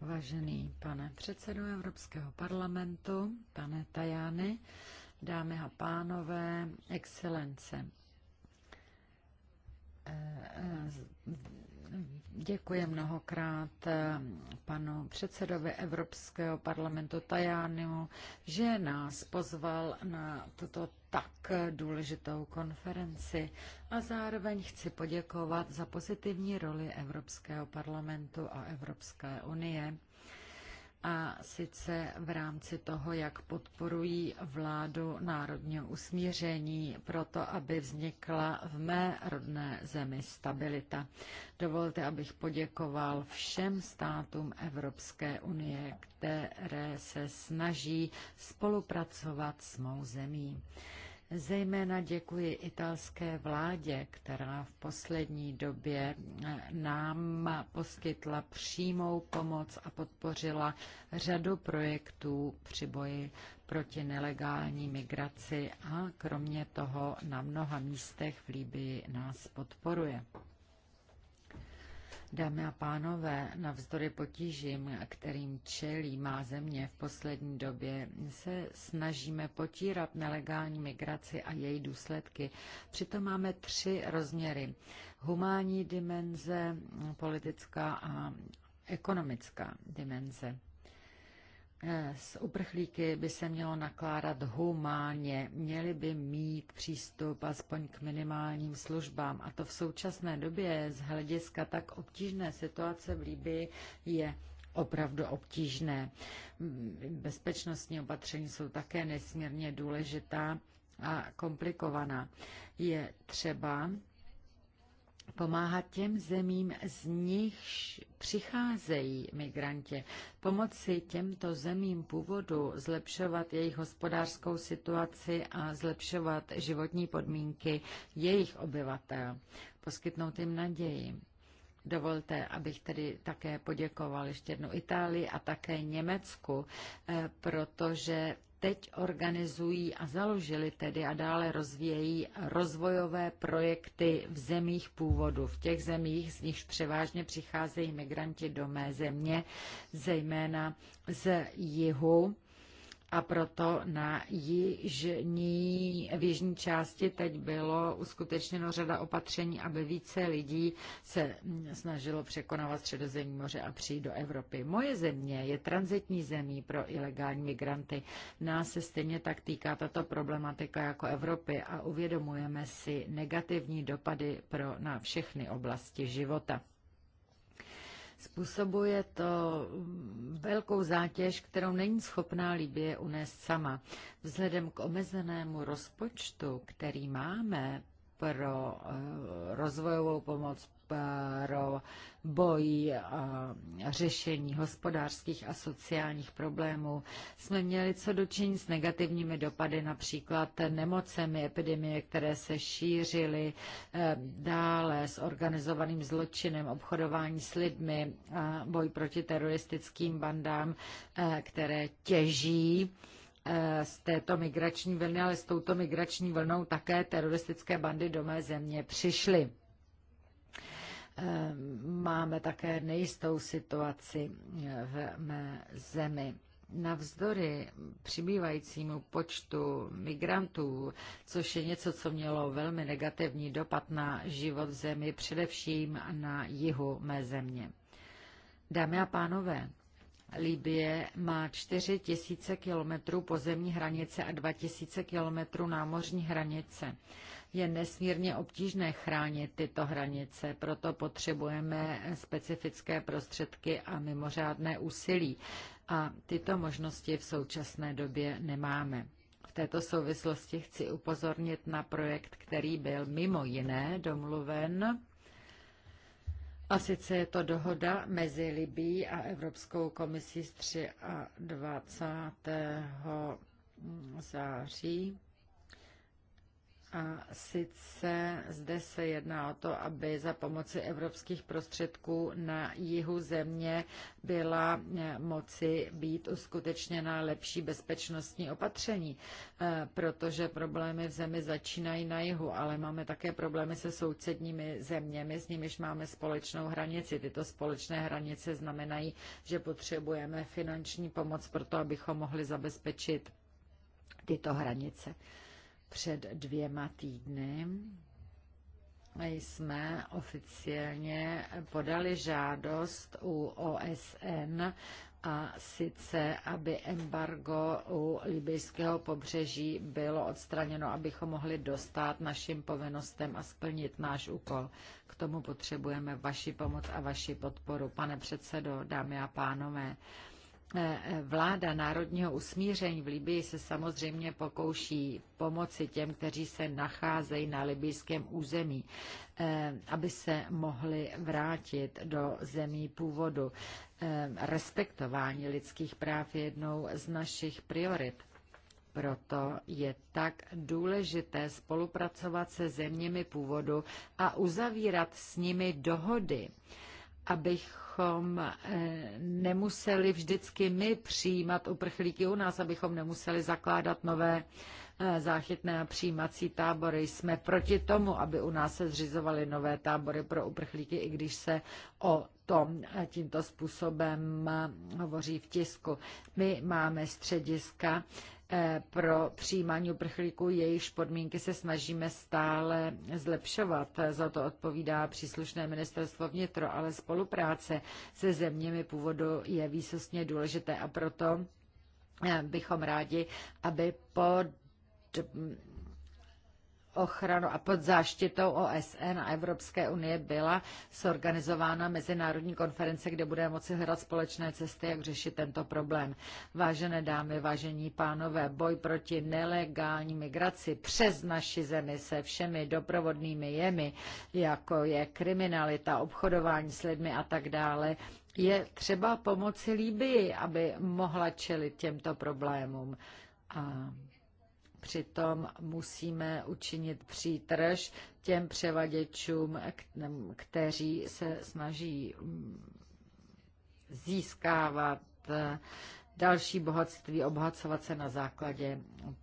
Speaker 4: Vážený pane předsedo Evropského parlamentu, pane Tajány, dámy a pánové, excelence. Děkuji mnohokrát panu předsedovi Evropského parlamentu Tajánu, že nás pozval na tuto tak důležitou konferenci a zároveň chci poděkovat za pozitivní roli Evropského parlamentu a Evropské unie a sice v rámci toho, jak podporují vládu národního usmíření proto, aby vznikla v mé rodné zemi stabilita. Dovolte, abych poděkoval všem státům Evropské unie, které se snaží spolupracovat s mou zemí. Zejména děkuji italské vládě, která v poslední době nám poskytla přímou pomoc a podpořila řadu projektů při boji proti nelegální migraci a kromě toho na mnoha místech v Líbii nás podporuje. Dámy a pánové, navzdory potížím, kterým čelí má země v poslední době, se snažíme potírat nelegální migraci a její důsledky. Přitom máme tři rozměry. Humánní dimenze, politická a ekonomická dimenze. S uprchlíky by se mělo nakládat humánně, měli by mít přístup aspoň k minimálním službám. A to v současné době z hlediska tak obtížné situace v Líbii je opravdu obtížné. Bezpečnostní opatření jsou také nesmírně důležitá a komplikovaná. Je třeba pomáhat těm zemím, z nichž přicházejí migranti, pomoci těmto zemím původu zlepšovat jejich hospodářskou situaci a zlepšovat životní podmínky jejich obyvatel, poskytnout jim naději. Dovolte, abych tedy také poděkoval ještě jednou Itálii a také Německu, eh, protože teď organizují a založili tedy a dále rozvíjejí rozvojové projekty v zemích původu, v těch zemích, z nichž převážně přicházejí migranti do mé země, zejména z jihu a proto na jižní, v jižní části teď bylo uskutečněno řada opatření, aby více lidí se snažilo překonávat středozemní moře a přijít do Evropy. Moje země je transitní zemí pro ilegální migranty. Nás se stejně tak týká tato problematika jako Evropy a uvědomujeme si negativní dopady pro na všechny oblasti života. Způsobuje to velkou zátěž, kterou není schopná Libie unést sama. Vzhledem k omezenému rozpočtu, který máme pro eh, rozvojovou pomoc, pro boj a řešení hospodářských a sociálních problémů jsme měli co dočinit s negativními dopady, například nemocemi, epidemie, které se šířily e, dále s organizovaným zločinem, obchodování s lidmi a boj proti teroristickým bandám, e, které těží e, z této migrační vlny, ale s touto migrační vlnou také teroristické bandy do mé země přišly. Ehm, máme také nejistou situaci eh, v mé zemi. Navzdory přibývajícímu počtu migrantů, což je něco, co mělo velmi negativní dopad na život v zemi, především na jihu mé země. Dámy a pánové, Libie má 4 tisíce kilometrů pozemní hranice a 2 tisíce kilometrů námořní hranice je nesmírně obtížné chránit tyto hranice, proto potřebujeme specifické prostředky a mimořádné úsilí. A tyto možnosti v současné době nemáme. V této souvislosti chci upozornit na projekt, který byl mimo jiné domluven a sice je to dohoda mezi Libí a Evropskou komisí z 23. září a sice zde se jedná o to, aby za pomoci evropských prostředků na jihu země byla eh, moci být uskutečněna lepší bezpečnostní opatření, eh, protože problémy v zemi začínají na jihu, ale máme také problémy se sousedními zeměmi, s nimiž máme společnou hranici. Tyto společné hranice znamenají, že potřebujeme finanční pomoc pro to, abychom mohli zabezpečit tyto hranice. Před dvěma týdny jsme oficiálně podali žádost u OSN a sice, aby embargo u libyjského pobřeží bylo odstraněno, abychom mohli dostat našim povinnostem a splnit náš úkol. K tomu potřebujeme vaši pomoc a vaši podporu. Pane předsedo, dámy a pánové, Eh, eh, vláda národního usmíření v Libii se samozřejmě pokouší pomoci těm, kteří se nacházejí na libijském území, eh, aby se mohli vrátit do zemí původu. Respektování lidských práv je jednou z našich priorit. Proto je tak důležité spolupracovat se zeměmi původu a uzavírat s nimi dohody abychom eh, nemuseli vždycky my přijímat uprchlíky u nás, abychom nemuseli zakládat nové eh, záchytné a přijímací tábory. Jsme proti tomu, aby u nás se zřizovaly nové tábory pro uprchlíky, i když se o tom eh, tímto způsobem hovoří v tisku. My máme střediska, pro přijímání uprchlíků, jejichž podmínky se snažíme stále zlepšovat. Za to odpovídá příslušné ministerstvo vnitro, ale spolupráce se zeměmi původu je výsostně důležité a proto eh, bychom rádi, aby pod ochranu a pod záštitou OSN a Evropské unie byla sorganizována mezinárodní konference, kde budeme moci hledat společné cesty, jak řešit tento problém. Vážené dámy, vážení pánové, boj proti nelegální migraci přes naši zemi se všemi doprovodnými jemy, jako je kriminalita, obchodování s lidmi a tak dále, je třeba pomoci Líbii, aby mohla čelit těmto problémům. A Přitom musíme učinit přítrž těm převaděčům, kteří se snaží mm, získávat eh, další bohatství, obohacovat se na základě mm,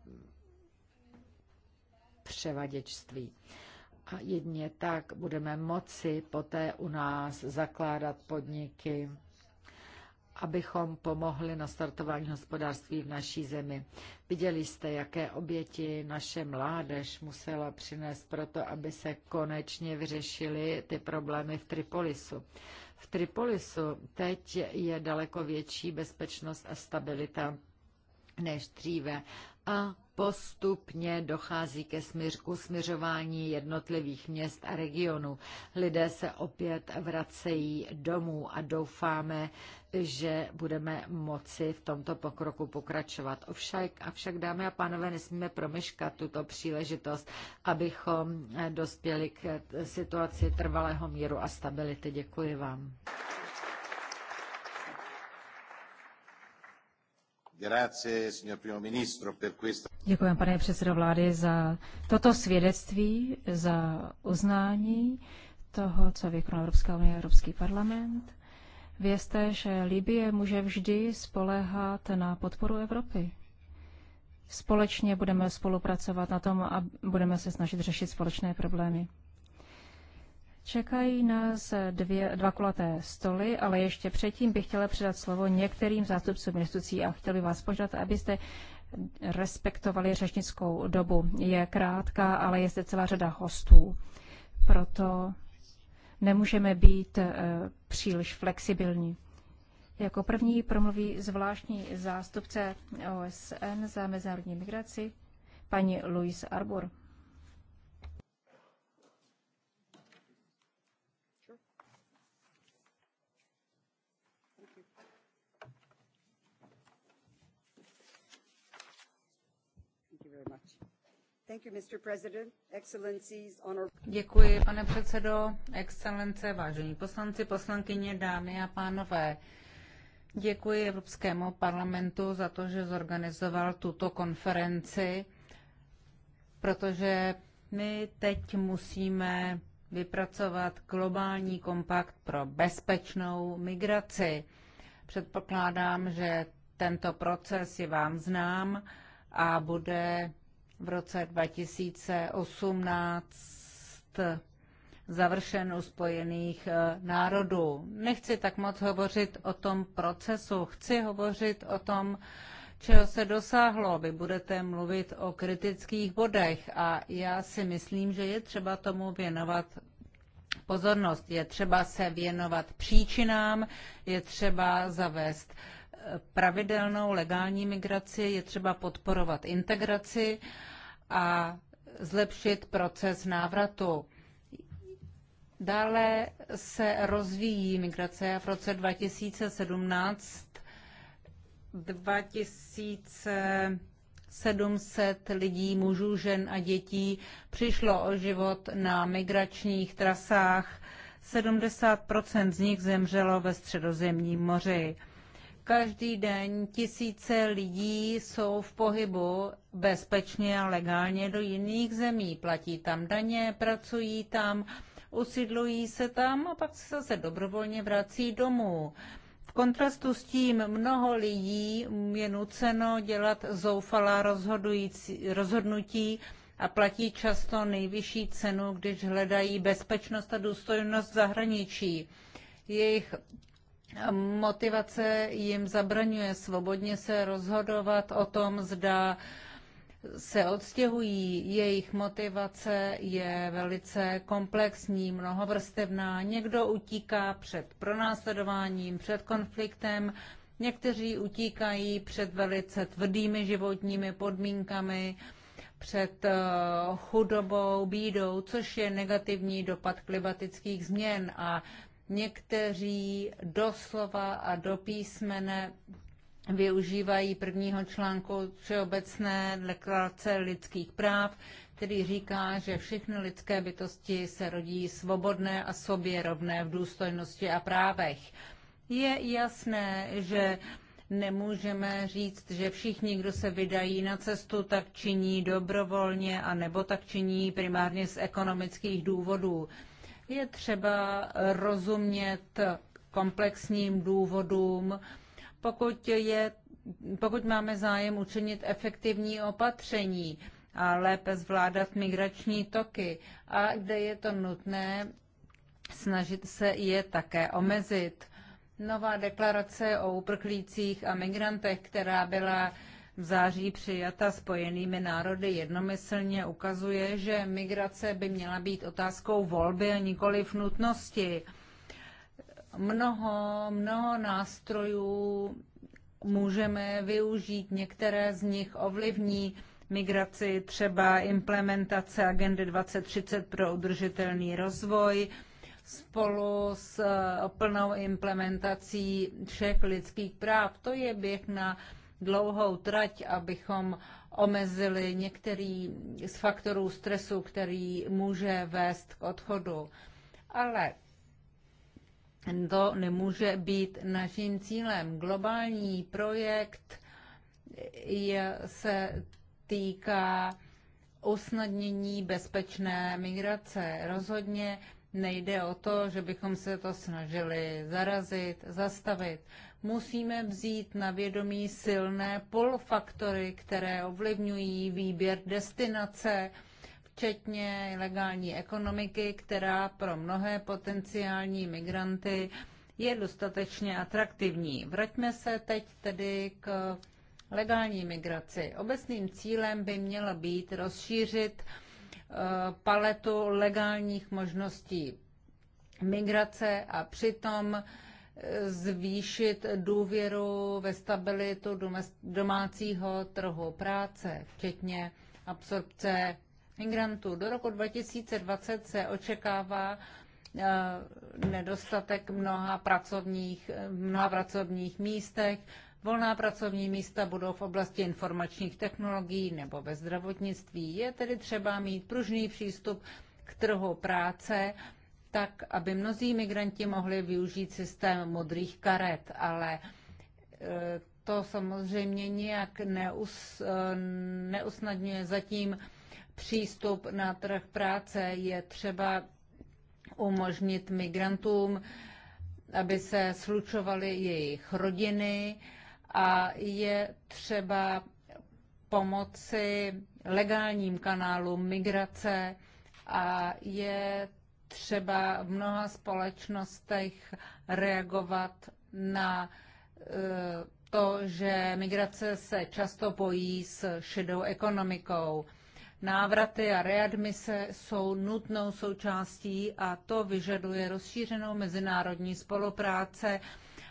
Speaker 4: převaděčství. A jedně tak budeme moci poté u nás zakládat podniky abychom pomohli na startování hospodářství v naší zemi. Viděli jste, jaké oběti naše mládež musela přinést proto, aby se konečně vyřešily ty problémy v Tripolisu. V Tripolisu teď je daleko větší bezpečnost a stabilita než dříve a postupně dochází ke smíř, směřování jednotlivých měst a regionů. Lidé se opět vracejí domů a doufáme, že budeme moci v tomto pokroku pokračovat. Ovšak, avšak, dámy a pánové, nesmíme promeškat tuto příležitost, abychom dospěli k situaci trvalého míru a stability. Děkuji vám. Děkuji, pane předsedo
Speaker 1: vlády, za toto svědectví, za uznání toho, co vykonal Evropská unie a Evropský parlament. Vězte, že Libie může vždy spoléhat na podporu Evropy. Společně budeme spolupracovat na tom a budeme se snažit řešit společné problémy. Čekají nás dvě, dva kulaté stoly, ale ještě předtím bych chtěla předat slovo některým zástupcům institucí a chtěl bych vás požádat, abyste respektovali řečnickou dobu. Je krátká, ale je zde celá řada hostů. Proto nemůžeme být e, příliš flexibilní. Jako první promluví zvláštní zástupce OSN za mezinárodní migraci, paní Louise Arbor.
Speaker 4: Děkuji, pane
Speaker 2: předsedo, excelence, vážení poslanci, poslankyně, dámy a pánové. Děkuji Evropskému parlamentu za to, že zorganizoval tuto konferenci, protože my teď musíme vypracovat globální kompakt pro bezpečnou migraci. Předpokládám, že tento proces je vám znám a bude v roce 2018 završen u Spojených eh, národů. Nechci tak moc hovořit o tom procesu, chci hovořit o tom, čeho se dosáhlo. Vy budete mluvit o kritických bodech a já si myslím, že je třeba tomu věnovat pozornost. Je třeba se věnovat příčinám, je třeba zavést pravidelnou legální migraci, je třeba podporovat integraci a zlepšit proces návratu. Dále se rozvíjí migrace a v roce 2017 2700 lidí, mužů, žen a dětí přišlo o život na migračních trasách. 70 z nich zemřelo ve středozemním moři. Každý den tisíce lidí jsou v pohybu bezpečně a legálně do jiných zemí. Platí tam daně, pracují tam, usidlují se tam a pak se zase dobrovolně vrací domů. V kontrastu s tím mnoho lidí je nuceno dělat zoufalá rozhodnutí a platí často nejvyšší cenu, když hledají bezpečnost a důstojnost zahraničí. Jejich motivace jim zabraňuje svobodně se rozhodovat o tom, zda se odstěhují. Jejich motivace je velice komplexní, mnohovrstevná. Někdo utíká před pronásledováním, před konfliktem, někteří utíkají před velice tvrdými životními podmínkami, před eh, chudobou, bídou, což je negativní dopad klimatických změn. A Někteří doslova a do písmene využívají prvního článku Všeobecné deklarace lidských práv, který říká, že všechny lidské bytosti se rodí svobodné a sobě rovné v důstojnosti a právech. Je jasné, že nemůžeme říct, že všichni, kdo se vydají na cestu, tak činí dobrovolně a nebo tak činí primárně z ekonomických důvodů. Je třeba rozumět komplexním důvodům, pokud, je, pokud máme zájem učinit efektivní opatření a lépe zvládat migrační toky a kde je to nutné, snažit se je také omezit. Nová deklarace o uprchlících a migrantech, která byla v září přijata spojenými národy jednomyslně ukazuje, že migrace by měla být otázkou volby a nikoli v nutnosti. Mnoho, mnoho nástrojů můžeme využít, některé z nich ovlivní migraci, třeba implementace agendy 2030 pro udržitelný rozvoj, spolu s eh, plnou implementací všech lidských práv. To je běh na dlouhou trať, abychom omezili některý z faktorů stresu, který může vést k odchodu. Ale to nemůže být naším cílem. Globální projekt je, se týká usnadnění bezpečné migrace. Rozhodně nejde o to, že bychom se to snažili zarazit, zastavit musíme vzít na vědomí silné polfaktory, které ovlivňují výběr destinace, včetně legální ekonomiky, která pro mnohé potenciální migranty je dostatečně atraktivní. Vraťme se teď tedy k legální migraci. Obecným cílem by mělo být rozšířit eh, paletu legálních možností migrace a přitom zvýšit důvěru ve stabilitu domácího trhu práce, včetně absorpce migrantů. Do roku 2020 se očekává eh, nedostatek mnoha pracovních, mnoha pracovních místech. Volná pracovní místa budou v oblasti informačních technologií nebo ve zdravotnictví. Je tedy třeba mít pružný přístup k trhu práce tak, aby mnozí migranti mohli využít systém modrých karet, ale e, to samozřejmě nijak neus, e, neusnadňuje zatím přístup na trh práce. Je třeba umožnit migrantům, aby se slučovaly jejich rodiny a je třeba pomoci legálním kanálům migrace a je třeba v mnoha společnostech reagovat na eh, to, že migrace se často pojí s šedou ekonomikou. Návraty a readmise jsou nutnou součástí a to vyžaduje rozšířenou mezinárodní spolupráce.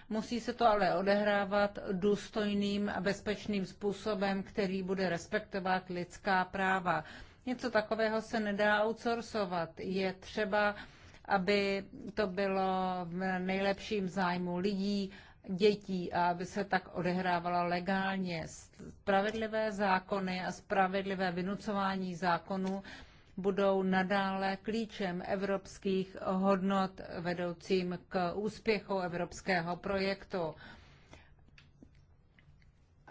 Speaker 2: Musí se to ale odehrávat důstojným a bezpečným způsobem, který bude respektovat lidská práva. Něco takového se nedá outsourcovat. Je třeba, aby to bylo v nejlepším zájmu lidí, dětí a aby se tak odehrávala legálně. Spravedlivé zákony a spravedlivé vynucování zákonů budou nadále klíčem evropských hodnot vedoucím k úspěchu evropského projektu.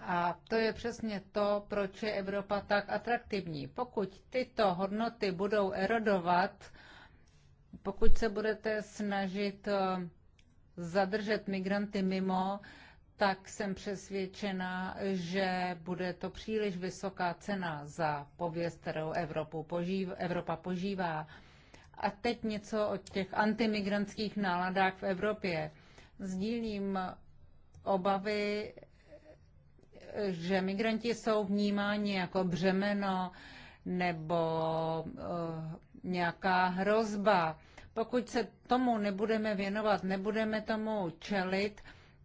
Speaker 2: A to je přesně to, proč je Evropa tak atraktivní. Pokud tyto hodnoty budou erodovat, pokud se budete snažit eh, zadržet migranty mimo, tak jsem přesvědčena, že bude to příliš vysoká cena za pověst, kterou Evropu požív, Evropa požívá. A teď něco o těch antimigrantských náladách v Evropě. Sdílím obavy že migranti jsou vnímáni jako břemeno nebo eh, nějaká hrozba. Pokud se tomu nebudeme věnovat, nebudeme tomu čelit,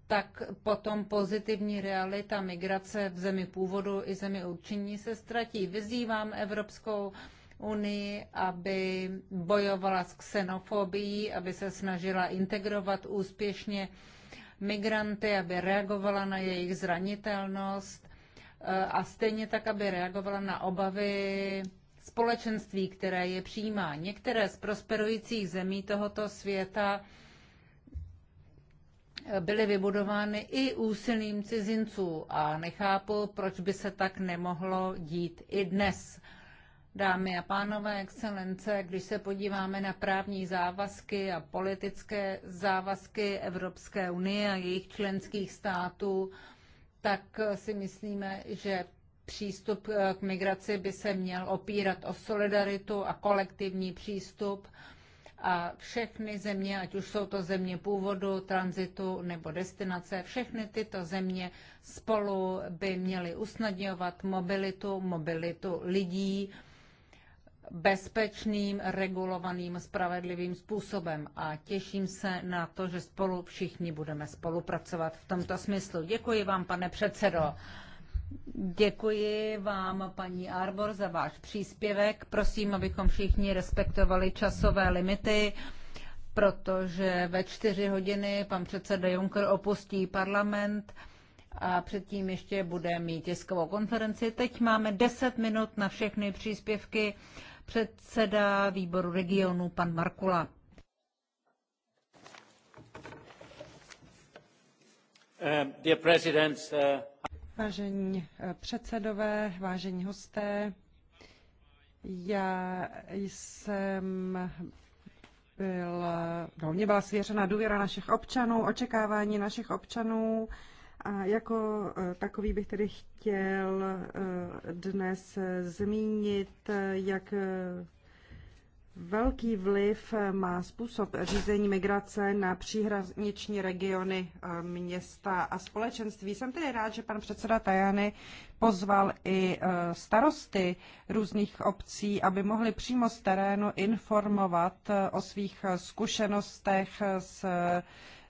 Speaker 2: tak potom pozitivní realita migrace v zemi původu i zemi určení se ztratí. Vyzývám Evropskou unii, aby bojovala s xenofobií, aby se snažila integrovat úspěšně migranty, aby reagovala na jejich zranitelnost eh, a stejně tak, aby reagovala na obavy společenství, které je přijímá. Některé z prosperujících zemí tohoto světa eh, byly vybudovány i úsilím cizinců a nechápu, proč by se tak nemohlo dít i dnes. Dámy a pánové, excelence, když se podíváme na právní závazky a politické závazky Evropské unie a jejich členských států, tak si myslíme, že přístup eh, k migraci by se měl opírat o solidaritu a kolektivní přístup a všechny země, ať už jsou to země původu, tranzitu nebo destinace, všechny tyto země spolu by měly usnadňovat mobilitu, mobilitu lidí, bezpečným, regulovaným, spravedlivým způsobem. A těším se na to, že spolu všichni budeme spolupracovat v tomto smyslu. Děkuji vám, pane předsedo. Děkuji vám, paní Arbor, za váš příspěvek. Prosím, abychom všichni respektovali časové limity, protože ve čtyři hodiny pan předseda Juncker opustí parlament a předtím ještě bude mít tiskovou konferenci. Teď máme 10 minut na všechny příspěvky předseda výboru regionu pan Markula.
Speaker 1: Uh, uh,
Speaker 3: vážení uh, předsedové, vážení hosté, já jsem byl, no, mě byla svěřena důvěra našich občanů, očekávání našich občanů a jako e, takový bych tedy chtěl e, dnes zmínit, e, jak velký vliv má způsob řízení migrace na příhraniční regiony města a společenství. Jsem tedy rád, že pan předseda Tajany pozval i starosty různých obcí, aby mohli přímo z terénu informovat o svých zkušenostech s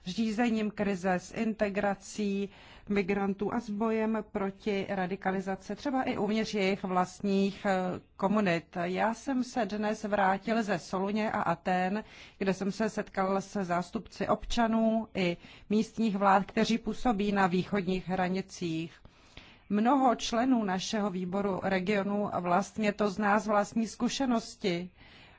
Speaker 3: řízením krize, s integrací migrantů a s bojem proti radikalizaci, třeba i uvnitř jejich vlastních eh, komunit. Já jsem se dnes vrátil ze Soluně a Aten, kde jsem se setkal se zástupci občanů i místních vlád, kteří působí na východních hranicích. Mnoho členů našeho výboru regionu vlastně to zná z vlastní zkušenosti.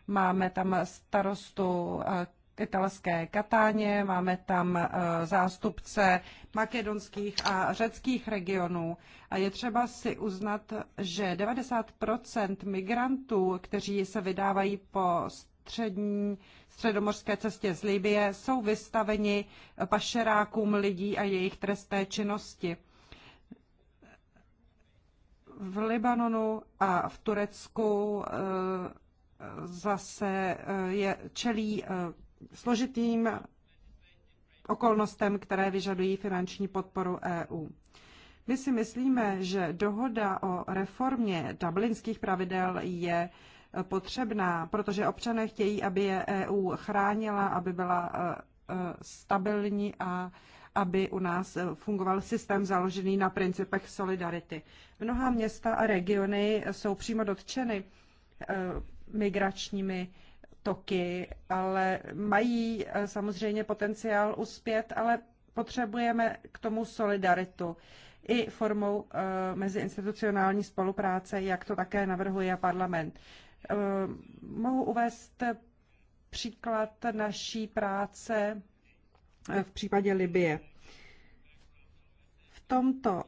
Speaker 3: Máme tam starostu eh, italské Katáně, máme tam e, zástupce makedonských a řeckých regionů a je třeba si uznat, že 90 migrantů, kteří se vydávají po střední středomorské cestě z Libie, jsou vystaveni pašerákům lidí a jejich trestné činnosti. V Libanonu a v Turecku e, zase e, je, čelí složitým okolnostem, které vyžadují finanční podporu EU. My si myslíme, že dohoda o reformě dublinských pravidel je potřebná, protože občané chtějí, aby je EU chránila, aby byla e, e, stabilní a aby u nás fungoval systém založený na principech solidarity. Mnohá města a regiony jsou přímo dotčeny e, migračními toky, ale mají eh, samozřejmě potenciál uspět, ale potřebujeme k tomu solidaritu i formou eh, meziinstitucionální spolupráce, jak to také navrhuje parlament. Eh, mohu uvést příklad naší práce v případě Libie. V tomto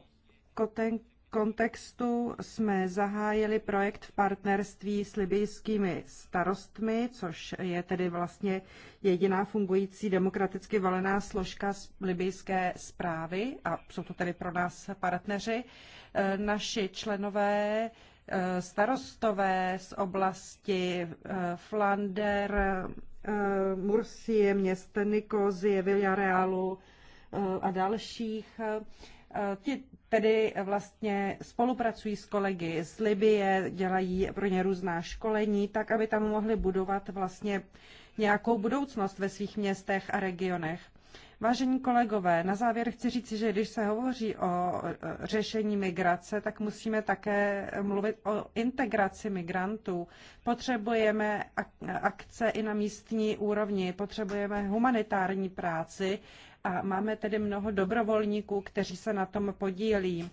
Speaker 3: kotenku kontextu jsme zahájili projekt v partnerství s libijskými starostmi, což je tedy vlastně jediná fungující demokraticky volená složka z libijské zprávy a jsou to tedy pro nás partneři. E, naši členové e, starostové z oblasti e, Flander, Mursie, měst Nikozie, Villarealu a dalších ti tedy vlastně spolupracují s kolegy z Libie, dělají pro ně různá školení, tak aby tam mohli budovat vlastně nějakou budoucnost ve svých městech a regionech. Vážení kolegové, na závěr chci říct, že když se hovoří o řešení migrace, tak musíme také mluvit o integraci migrantů. Potřebujeme akce i na místní úrovni, potřebujeme humanitární práci a máme tedy mnoho dobrovolníků, kteří se na tom podílí.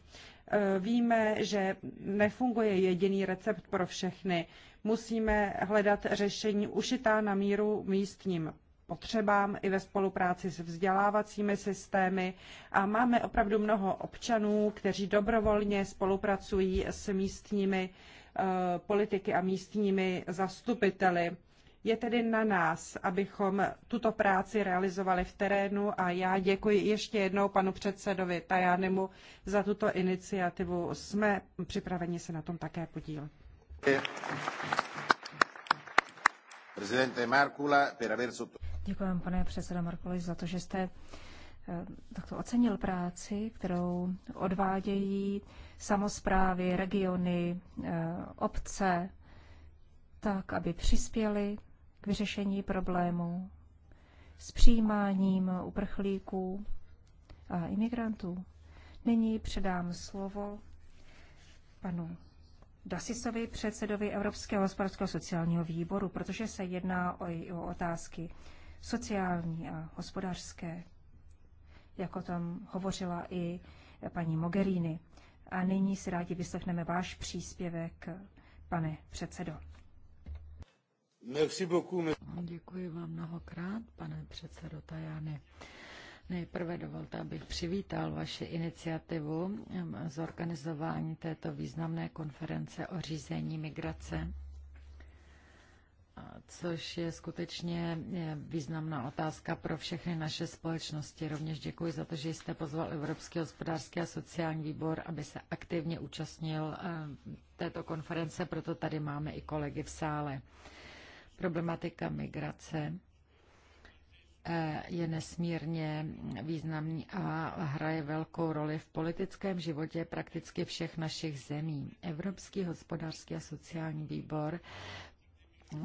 Speaker 3: E, víme, že nefunguje jediný recept pro všechny. Musíme hledat řešení ušitá na míru místním potřebám i ve spolupráci s vzdělávacími systémy a máme opravdu mnoho občanů, kteří dobrovolně spolupracují s místními e, politiky a místními zastupiteli. Je tedy na nás, abychom tuto práci realizovali v terénu a já děkuji ještě jednou panu předsedovi Tajánemu za tuto iniciativu. Jsme připraveni se na tom také podílet. Děkuji vám, pane
Speaker 1: předsedo Markuli, za to, že jste eh, takto ocenil práci, kterou odvádějí samozprávy, regiony, eh, obce, tak, aby přispěli k vyřešení problémů s přijímáním uprchlíků a imigrantů. Nyní předám slovo panu Dasisovi, předsedovi Evropského hospodářského sociálního výboru, protože se jedná o, o otázky sociální a hospodářské, jako tam hovořila i paní Mogherini. A nyní si rádi vyslechneme váš příspěvek, pane předsedo.
Speaker 4: Děkuji vám mnohokrát, pane předsedo Tajány. Nejprve dovolte, abych přivítal vaši iniciativu zorganizování této významné konference o řízení migrace což je skutečně významná otázka pro všechny naše společnosti. Rovněž děkuji za to, že jste pozval Evropský hospodářský a sociální výbor, aby se aktivně účastnil eh, této konference, proto tady máme i kolegy v sále. Problematika migrace eh, je nesmírně významný a hraje velkou roli v politickém životě prakticky všech našich zemí. Evropský hospodářský a sociální výbor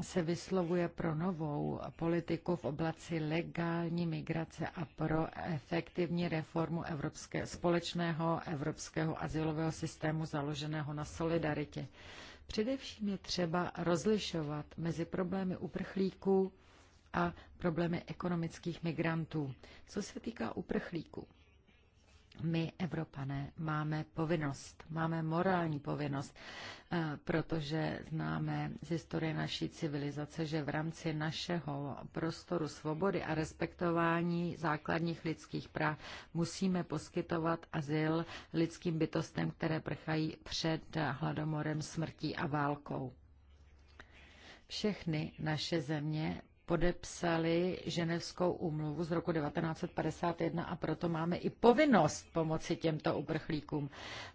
Speaker 4: se vyslovuje pro novou politiku v oblasti legální migrace a pro efektivní reformu evropské, společného evropského azylového systému založeného na solidaritě. Především je třeba rozlišovat mezi problémy uprchlíků a problémy ekonomických migrantů. Co se týká uprchlíků, my, Evropané, máme povinnost, máme morální povinnost, eh, protože známe z historie naší civilizace, že v rámci našeho prostoru svobody a respektování základních lidských práv musíme poskytovat azyl lidským bytostem, které prchají před hladomorem, smrtí a válkou. Všechny naše země podepsali ženevskou úmluvu z roku 1951 a proto máme i povinnost pomoci těmto uprchlíkům.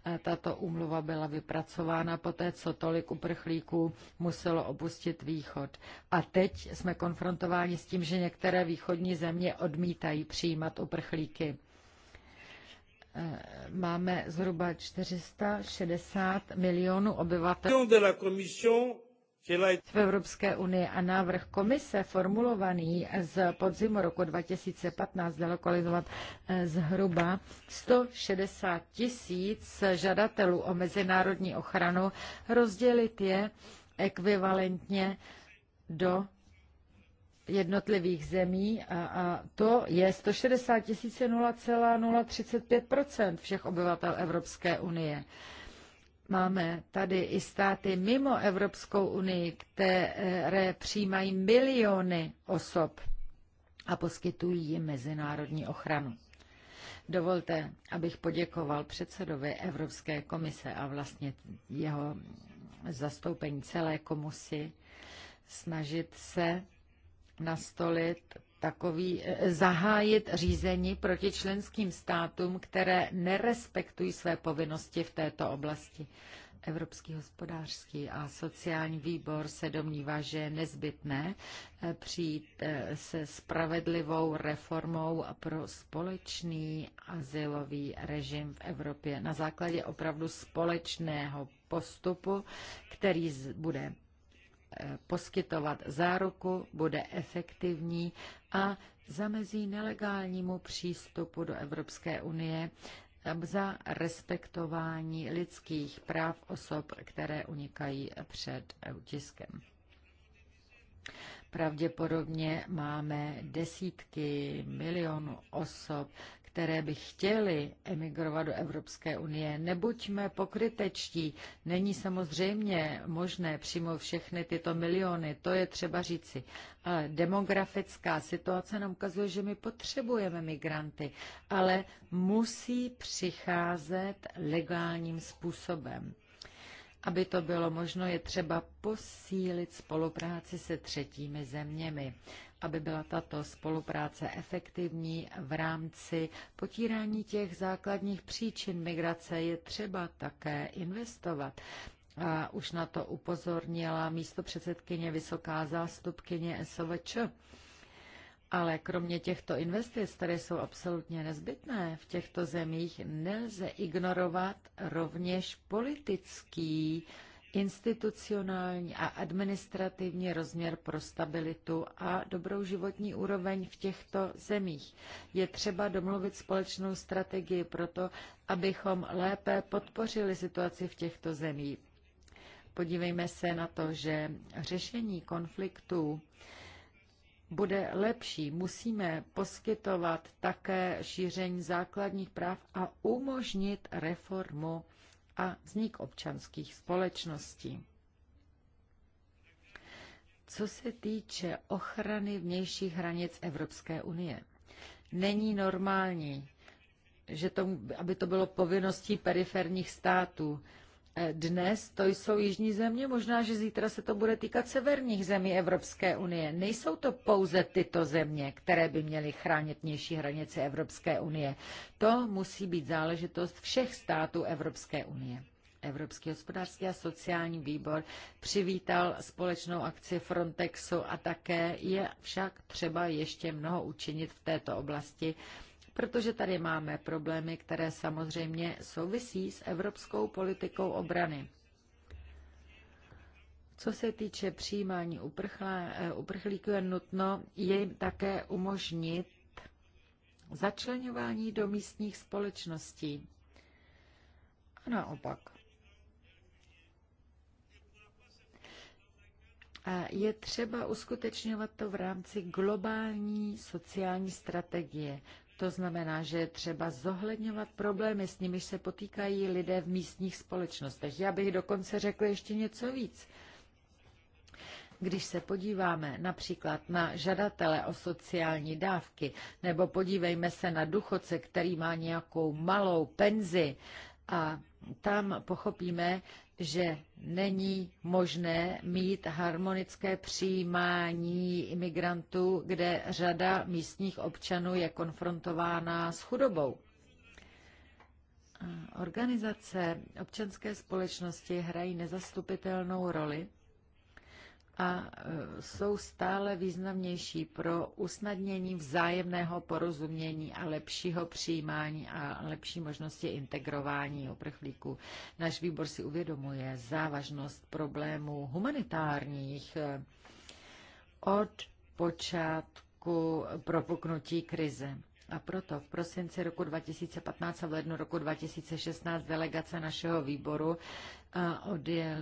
Speaker 4: E, tato úmluva byla vypracována poté, co tolik uprchlíků muselo opustit východ. A teď jsme konfrontováni s tím, že některé východní země odmítají přijímat uprchlíky e, máme zhruba 460 milionů obyvatel v Evropské unii a návrh komise formulovaný z podzimu roku 2015 kolizovat eh, zhruba 160 tisíc žadatelů o mezinárodní ochranu, rozdělit je ekvivalentně do jednotlivých zemí a, a to je 160 tisíc 0,035 všech obyvatel Evropské unie. Máme tady i státy mimo Evropskou unii, které přijímají miliony osob a poskytují jim mezinárodní ochranu. Dovolte, abych poděkoval předsedovi Evropské komise a vlastně jeho zastoupení celé komisi snažit se nastolit takový, eh, zahájit řízení proti členským státům, které nerespektují své povinnosti v této oblasti. Evropský hospodářský a sociální výbor se domnívá, že je nezbytné eh, přijít eh, se spravedlivou reformou pro společný asilový režim v Evropě na základě opravdu společného postupu, který bude Eh, poskytovat záruku, bude efektivní a zamezí nelegálnímu přístupu do Evropské unie za respektování lidských práv osob, které unikají před utiskem. Pravděpodobně máme desítky milionů osob, které by chtěly emigrovat do Evropské unie. Nebuďme pokrytečtí. Není samozřejmě možné přímo všechny tyto miliony, to je třeba říci. Ale demografická situace nám ukazuje, že my potřebujeme migranty, ale musí přicházet legálním způsobem. Aby to bylo možno, je třeba posílit spolupráci se třetími zeměmi, aby byla tato spolupráce efektivní v rámci potírání těch základních příčin migrace, je třeba také investovat. A už na to upozornila místo předsedkyně vysoká zástupkyně SOVČ. Ale kromě těchto investic, které jsou absolutně nezbytné v těchto zemích, nelze ignorovat rovněž politický, institucionální a administrativní rozměr pro stabilitu a dobrou životní úroveň v těchto zemích. Je třeba domluvit společnou strategii pro to, abychom lépe podpořili situaci v těchto zemích. Podívejme se na to, že řešení konfliktů bude lepší. Musíme poskytovat také šíření základních práv a umožnit reformu a vznik občanských společností. Co se týče ochrany vnějších hranic Evropské unie, není normální, že to, aby to bylo povinností periferních států. Eh, dnes to jsou jižní země, možná, že zítra se to bude týkat severních zemí Evropské unie. Nejsou to pouze tyto země, které by měly chránit vnější hranice Evropské unie. To musí být záležitost všech států Evropské unie. Evropský hospodářský a sociální výbor přivítal společnou akci Frontexu a také je však třeba ještě mnoho učinit v této oblasti, protože tady máme problémy, které samozřejmě souvisí s evropskou politikou obrany. Co se týče přijímání eh, uprchlíků, je nutno jim také umožnit začlenování do místních společností. A naopak. je třeba uskutečňovat to v rámci globální sociální strategie. To znamená, že je třeba zohledňovat problémy, s nimiž se potýkají lidé v místních společnostech. Já bych dokonce řekl ještě něco víc. Když se podíváme například na žadatele o sociální dávky, nebo podívejme se na duchoce, který má nějakou malou penzi, a tam pochopíme, že není možné mít harmonické přijímání imigrantů, kde řada místních občanů je konfrontována s chudobou. Organizace občanské společnosti hrají nezastupitelnou roli a e, jsou stále významnější pro usnadnění vzájemného porozumění a lepšího přijímání a lepší možnosti integrování uprchlíků. Náš výbor si uvědomuje závažnost problémů humanitárních e, od počátku propuknutí krize. A proto v prosinci roku 2015 a v lednu roku 2016 delegace našeho výboru e, odjel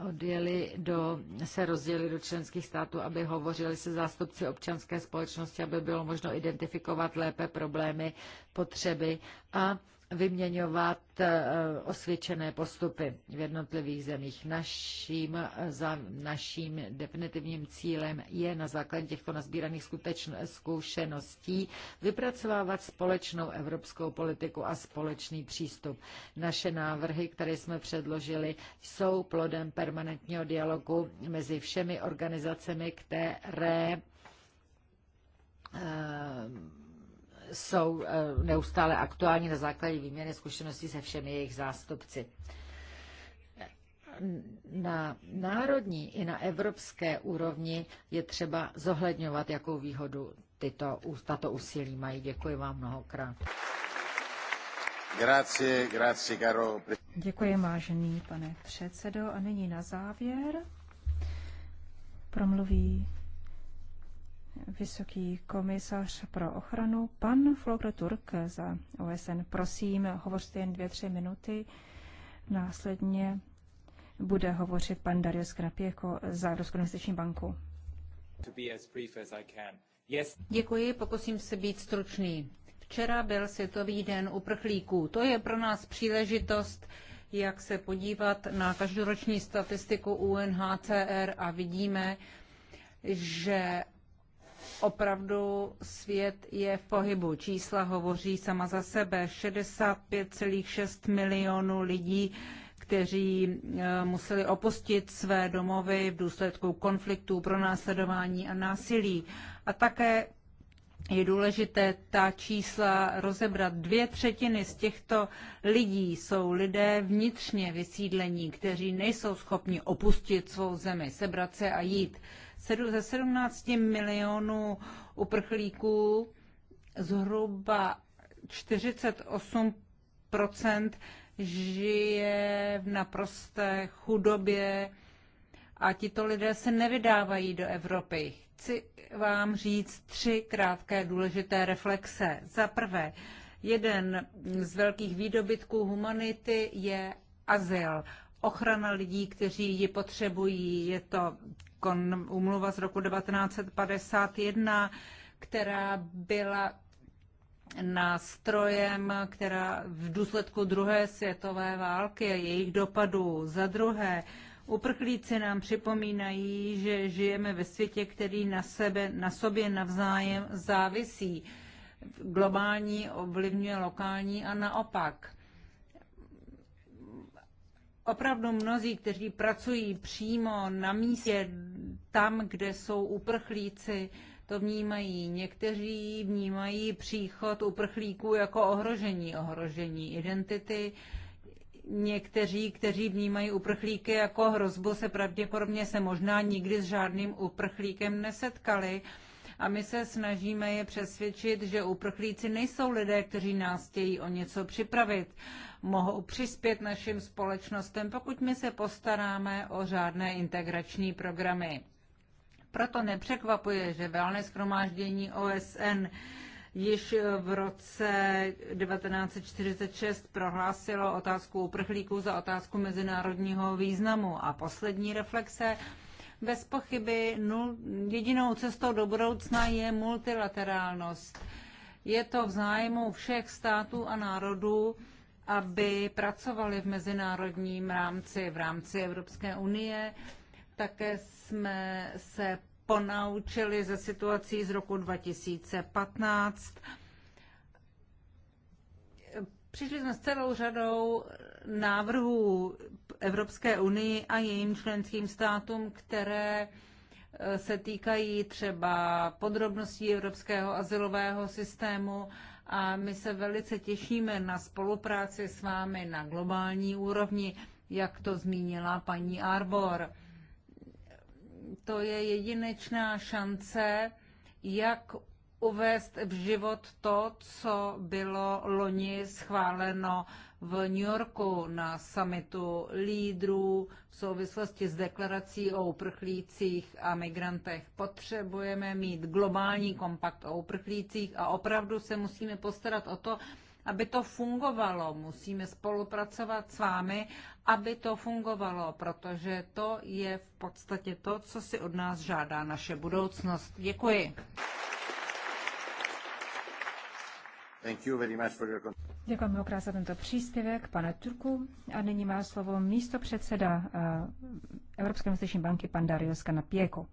Speaker 4: odjeli do, se rozdělili do členských států, aby hovořili se zástupci občanské společnosti, aby bylo možno identifikovat lépe problémy, potřeby a vyměňovat eh, osvědčené postupy v jednotlivých zemích. Naším, eh, za naším definitivním cílem je na základě těchto nazbíraných zkušeností vypracovávat společnou evropskou politiku a společný přístup. Naše návrhy, které jsme předložili, jsou plodem permanentního dialogu mezi všemi organizacemi, které eh, jsou eh, neustále aktuální na základě výměny zkušeností se všemi jejich zástupci na národní i na evropské úrovni je třeba zohledňovat, jakou výhodu tyto, tato úsilí mají. Děkuji vám mnohokrát.
Speaker 3: Grazie, grazie, caro.
Speaker 4: Děkuji, vážený pane předsedo. A nyní na závěr
Speaker 1: promluví vysoký komisař pro ochranu, pan Flogro Turk za OSN. Prosím, hovořte jen dvě, tři minuty. Následně bude hovořit pan Dario Skrapěko jako za Evropskou investiční banku. Děkuji,
Speaker 2: pokusím se být stručný. Včera byl Světový den uprchlíků. To je pro nás příležitost, jak se podívat na každoroční statistiku UNHCR a vidíme, že opravdu svět je v pohybu. Čísla hovoří sama za sebe. 65,6 milionů lidí, kteří eh, museli opustit své domovy v důsledku konfliktů, pronásledování a násilí. A také je důležité ta čísla rozebrat. Dvě třetiny z těchto lidí jsou lidé vnitřně vysídlení, kteří nejsou schopni opustit svou zemi, sebrat se a jít ze 17 milionů uprchlíků zhruba 48 žije v naprosté chudobě a tito lidé se nevydávají do Evropy. Chci vám říct tři krátké důležité reflexe. Za prvé, jeden z velkých výdobytků humanity je azyl. Ochrana lidí, kteří ji potřebují, je to kon, umluva z roku 1951, která byla nástrojem, která v důsledku druhé světové války a jejich dopadů. Za druhé, uprchlíci nám připomínají, že žijeme ve světě, který na, sebe, na sobě navzájem závisí. Globální ovlivňuje lokální a naopak opravdu mnozí, kteří pracují přímo na místě, tam, kde jsou uprchlíci, to vnímají. Někteří vnímají příchod uprchlíků jako ohrožení, ohrožení identity. Někteří, kteří vnímají uprchlíky jako hrozbu, se pravděpodobně se možná nikdy s žádným uprchlíkem nesetkali a my se snažíme je přesvědčit, že uprchlíci nejsou lidé, kteří nás chtějí o něco připravit. Mohou přispět našim společnostem, pokud my se postaráme o řádné integrační programy. Proto nepřekvapuje, že velné schromáždění OSN již v roce 1946 prohlásilo otázku uprchlíků za otázku mezinárodního významu. A poslední reflexe bez pochyby nul, jedinou cestou do budoucna je multilaterálnost. Je to v zájmu všech států a národů, aby pracovali v mezinárodním rámci, v rámci Evropské unie. Také jsme se ponaučili ze situací z roku 2015. Přišli jsme s celou řadou návrhů Evropské unii a jejím členským státům, které eh, se týkají třeba podrobností evropského asilového systému a my se velice těšíme na spolupráci s vámi na globální úrovni, jak to zmínila paní Arbor. To je jedinečná šance, jak uvést v život to, co bylo loni schváleno v New Yorku na summitu lídrů v souvislosti s deklarací o uprchlících a migrantech. Potřebujeme mít globální kompakt o uprchlících a opravdu se musíme postarat o to, aby to fungovalo. Musíme spolupracovat s vámi, aby to fungovalo, protože to je v podstatě to, co si od nás žádá naše budoucnost. Děkuji.
Speaker 1: Děkuji mnohokrát za tento příspěvek, pane Turku. A nyní má slovo místo předseda eh, Evropské investiční banky, pan Dario Kanapieko.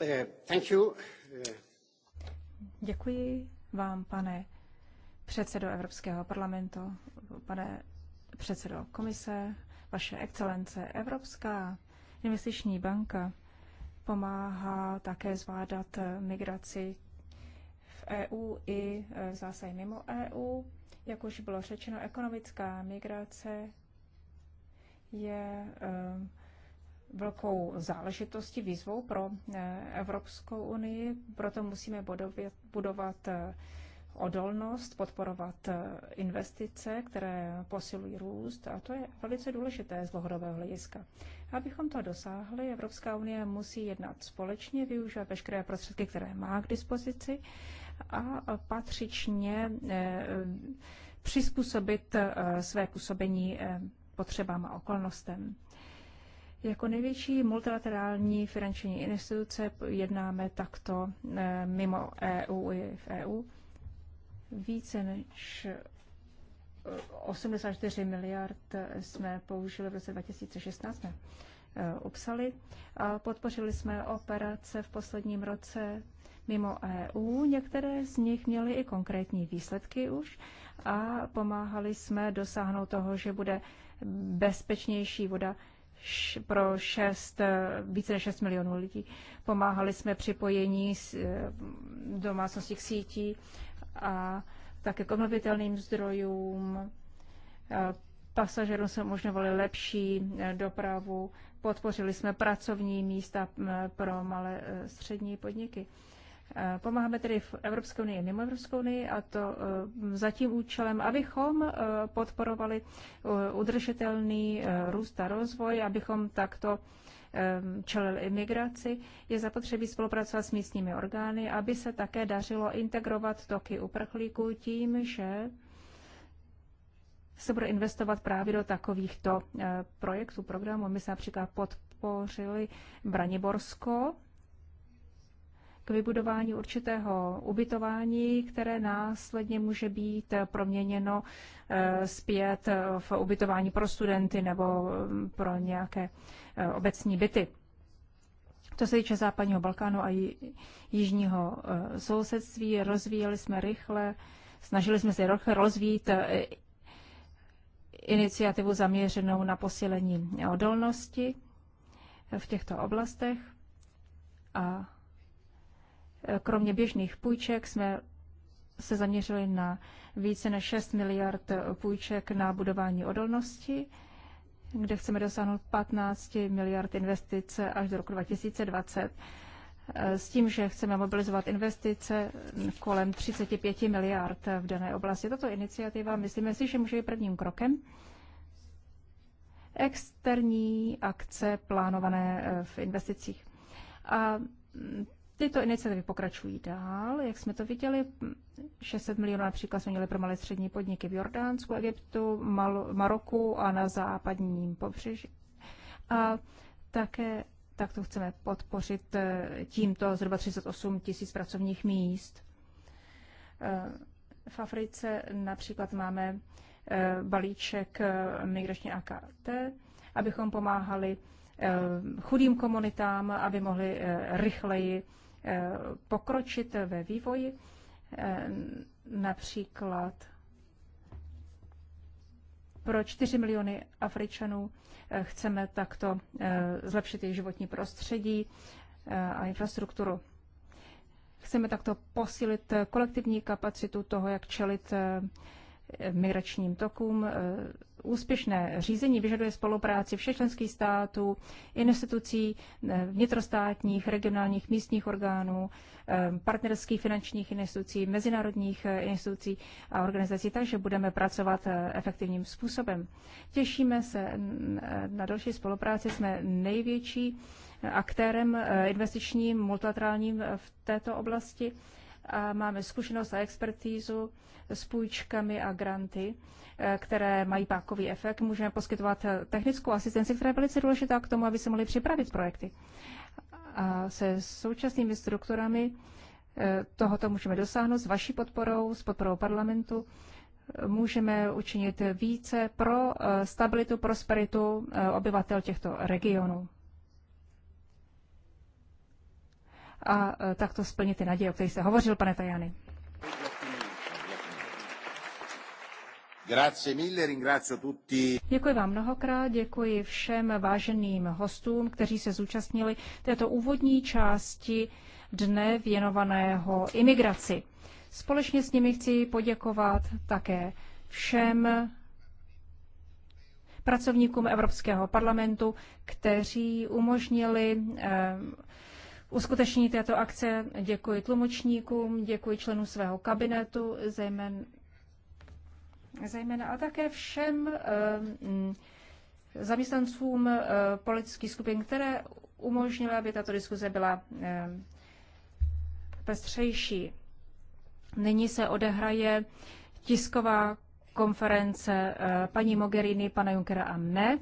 Speaker 3: Eh, thank you. Eh,
Speaker 1: děkuji vám, pane předsedo Evropského parlamentu, pane předsedo komise, vaše excelence Evropská investiční banka pomáhá také zvládat eh, migraci v EU i eh, zase mimo EU. Jak už bylo řečeno, ekonomická migrace je eh, velkou záležitostí, výzvou pro Evropskou unii, proto musíme budovat, budovat odolnost, podporovat eh, investice, které posilují růst a to je velice důležité z dlouhodobého hlediska. Abychom to dosáhli, Evropská unie musí jednat společně, využívat veškeré prostředky, které má k dispozici a patřičně eh, přizpůsobit eh, své působení potřebám a okolnostem. Jako největší multilaterální finanční instituce jednáme takto mimo EU i v EU více než 84 eh, miliard jsme použili v roce 2016, jsme obsali. Eh, a podpořili jsme operace v posledním roce mimo EU. Některé z nich měly i konkrétní výsledky už a pomáhali jsme dosáhnout toho, že bude bezpečnější voda pro šest, eh, více než 6 milionů lidí. Pomáhali jsme připojení domácností k sítí a také k obnovitelným zdrojům. Pasažerům jsme umožňovali lepší e, dopravu, podpořili jsme pracovní místa pro malé e, střední podniky. E, pomáháme tedy v Evropské unii i mimo Evropskou unii a to za tím účelem, abychom podporovali udržitelný růst a rozvoj, abychom takto čelil imigraci, je zapotřebí spolupracovat s místními orgány, aby se také dařilo integrovat toky uprchlíků tím, že se bude investovat právě do takovýchto eh, projektů, programů. My jsme například podpořili Braniborsko, k vybudování určitého ubytování, které následně může být proměněno eh, zpět v ubytování pro studenty nebo mm, pro nějaké eh, obecní byty. To se týče západního Balkánu a jižního eh, sousedství, rozvíjeli jsme rychle, snažili jsme se rychle rozvíjet iniciativu zaměřenou na posílení odolnosti v těchto oblastech a Kromě běžných půjček jsme se zaměřili na více než 6 miliard půjček na budování odolnosti, kde chceme dosáhnout 15 miliard investice až do roku 2020 s tím, že chceme mobilizovat investice kolem 35 miliard v dané oblasti. Tato iniciativa, myslíme si, že může být prvním krokem externí akce plánované v investicích. A Tyto iniciativy pokračují dál, jak jsme to viděli. 600 milionů například jsme měli pro malé střední podniky v Jordánsku, Egyptu, Mal- Maroku a na západním pobřeží. A také tak to chceme podpořit eh, tímto zhruba 38 tisíc pracovních míst. Eh, v Africe například máme eh, balíček migrační AKT, abychom pomáhali chudým komunitám, aby mohli rychleji Eh, pokročit ve vývoji, eh, například pro 4 miliony Afričanů eh, chceme takto zlepšit jejich životní prostředí a infrastrukturu. Chceme takto posílit kolektivní kapacitu toho, jak čelit migračním tokům. E, úspěšné řízení vyžaduje spolupráci všech členských států, institucí, e, vnitrostátních, regionálních, místních orgánů, e, partnerských finančních institucí, mezinárodních institucí a organizací, takže budeme pracovat efektivním způsobem. Těšíme se na další spolupráci. Jsme největší aktérem investičním, multilaterálním v této oblasti a máme zkušenost a expertízu s půjčkami a granty, e, které mají pákový efekt. Můžeme poskytovat technickou asistenci, která je velice důležitá k tomu, aby se mohli připravit projekty. A se současnými strukturami e, tohoto můžeme dosáhnout s vaší podporou, s podporou parlamentu. Můžeme učinit více pro e, stabilitu, prosperitu obyvatel těchto regionů. a e, takto splnit ty naděje, o kterých jste hovořil, pane Tajany. Děkuji vám mnohokrát, děkuji všem váženým hostům, kteří se zúčastnili této úvodní části dne věnovaného imigraci. Společně s nimi chci poděkovat také všem pracovníkům Evropského parlamentu, kteří umožnili uskuteční této akce. Děkuji tlumočníkům, děkuji členům svého kabinetu, zejména, zejména a také všem eh, zaměstnancům eh, politických skupin, které umožnily, aby tato diskuze byla eh, pestřejší. Nyní se odehraje tisková konference paní Mogherini, pana Junkera a mne.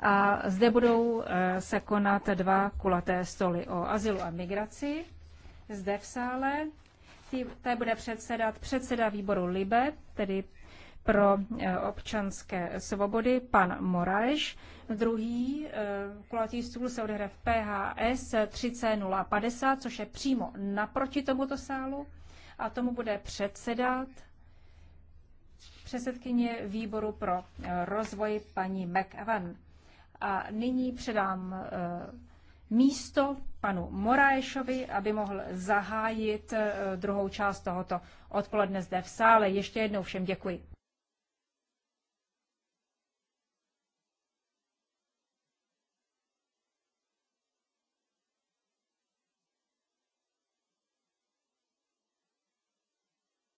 Speaker 1: A zde budou eh, se konat dva kulaté stoly o azylu a migraci zde v sále. Té bude předsedat předseda výboru LIBE, tedy pro eh, občanské svobody, pan Moraš. Druhý eh, kulatý stůl se odehraje v PHS 30050, což je přímo naproti tomuto sálu. A tomu bude předsedat předsedkyně výboru pro rozvoj paní McEwan. A nyní předám eh, místo panu Moraješovi, aby mohl zahájit eh, druhou část tohoto odpoledne zde v sále. Ještě jednou všem děkuji.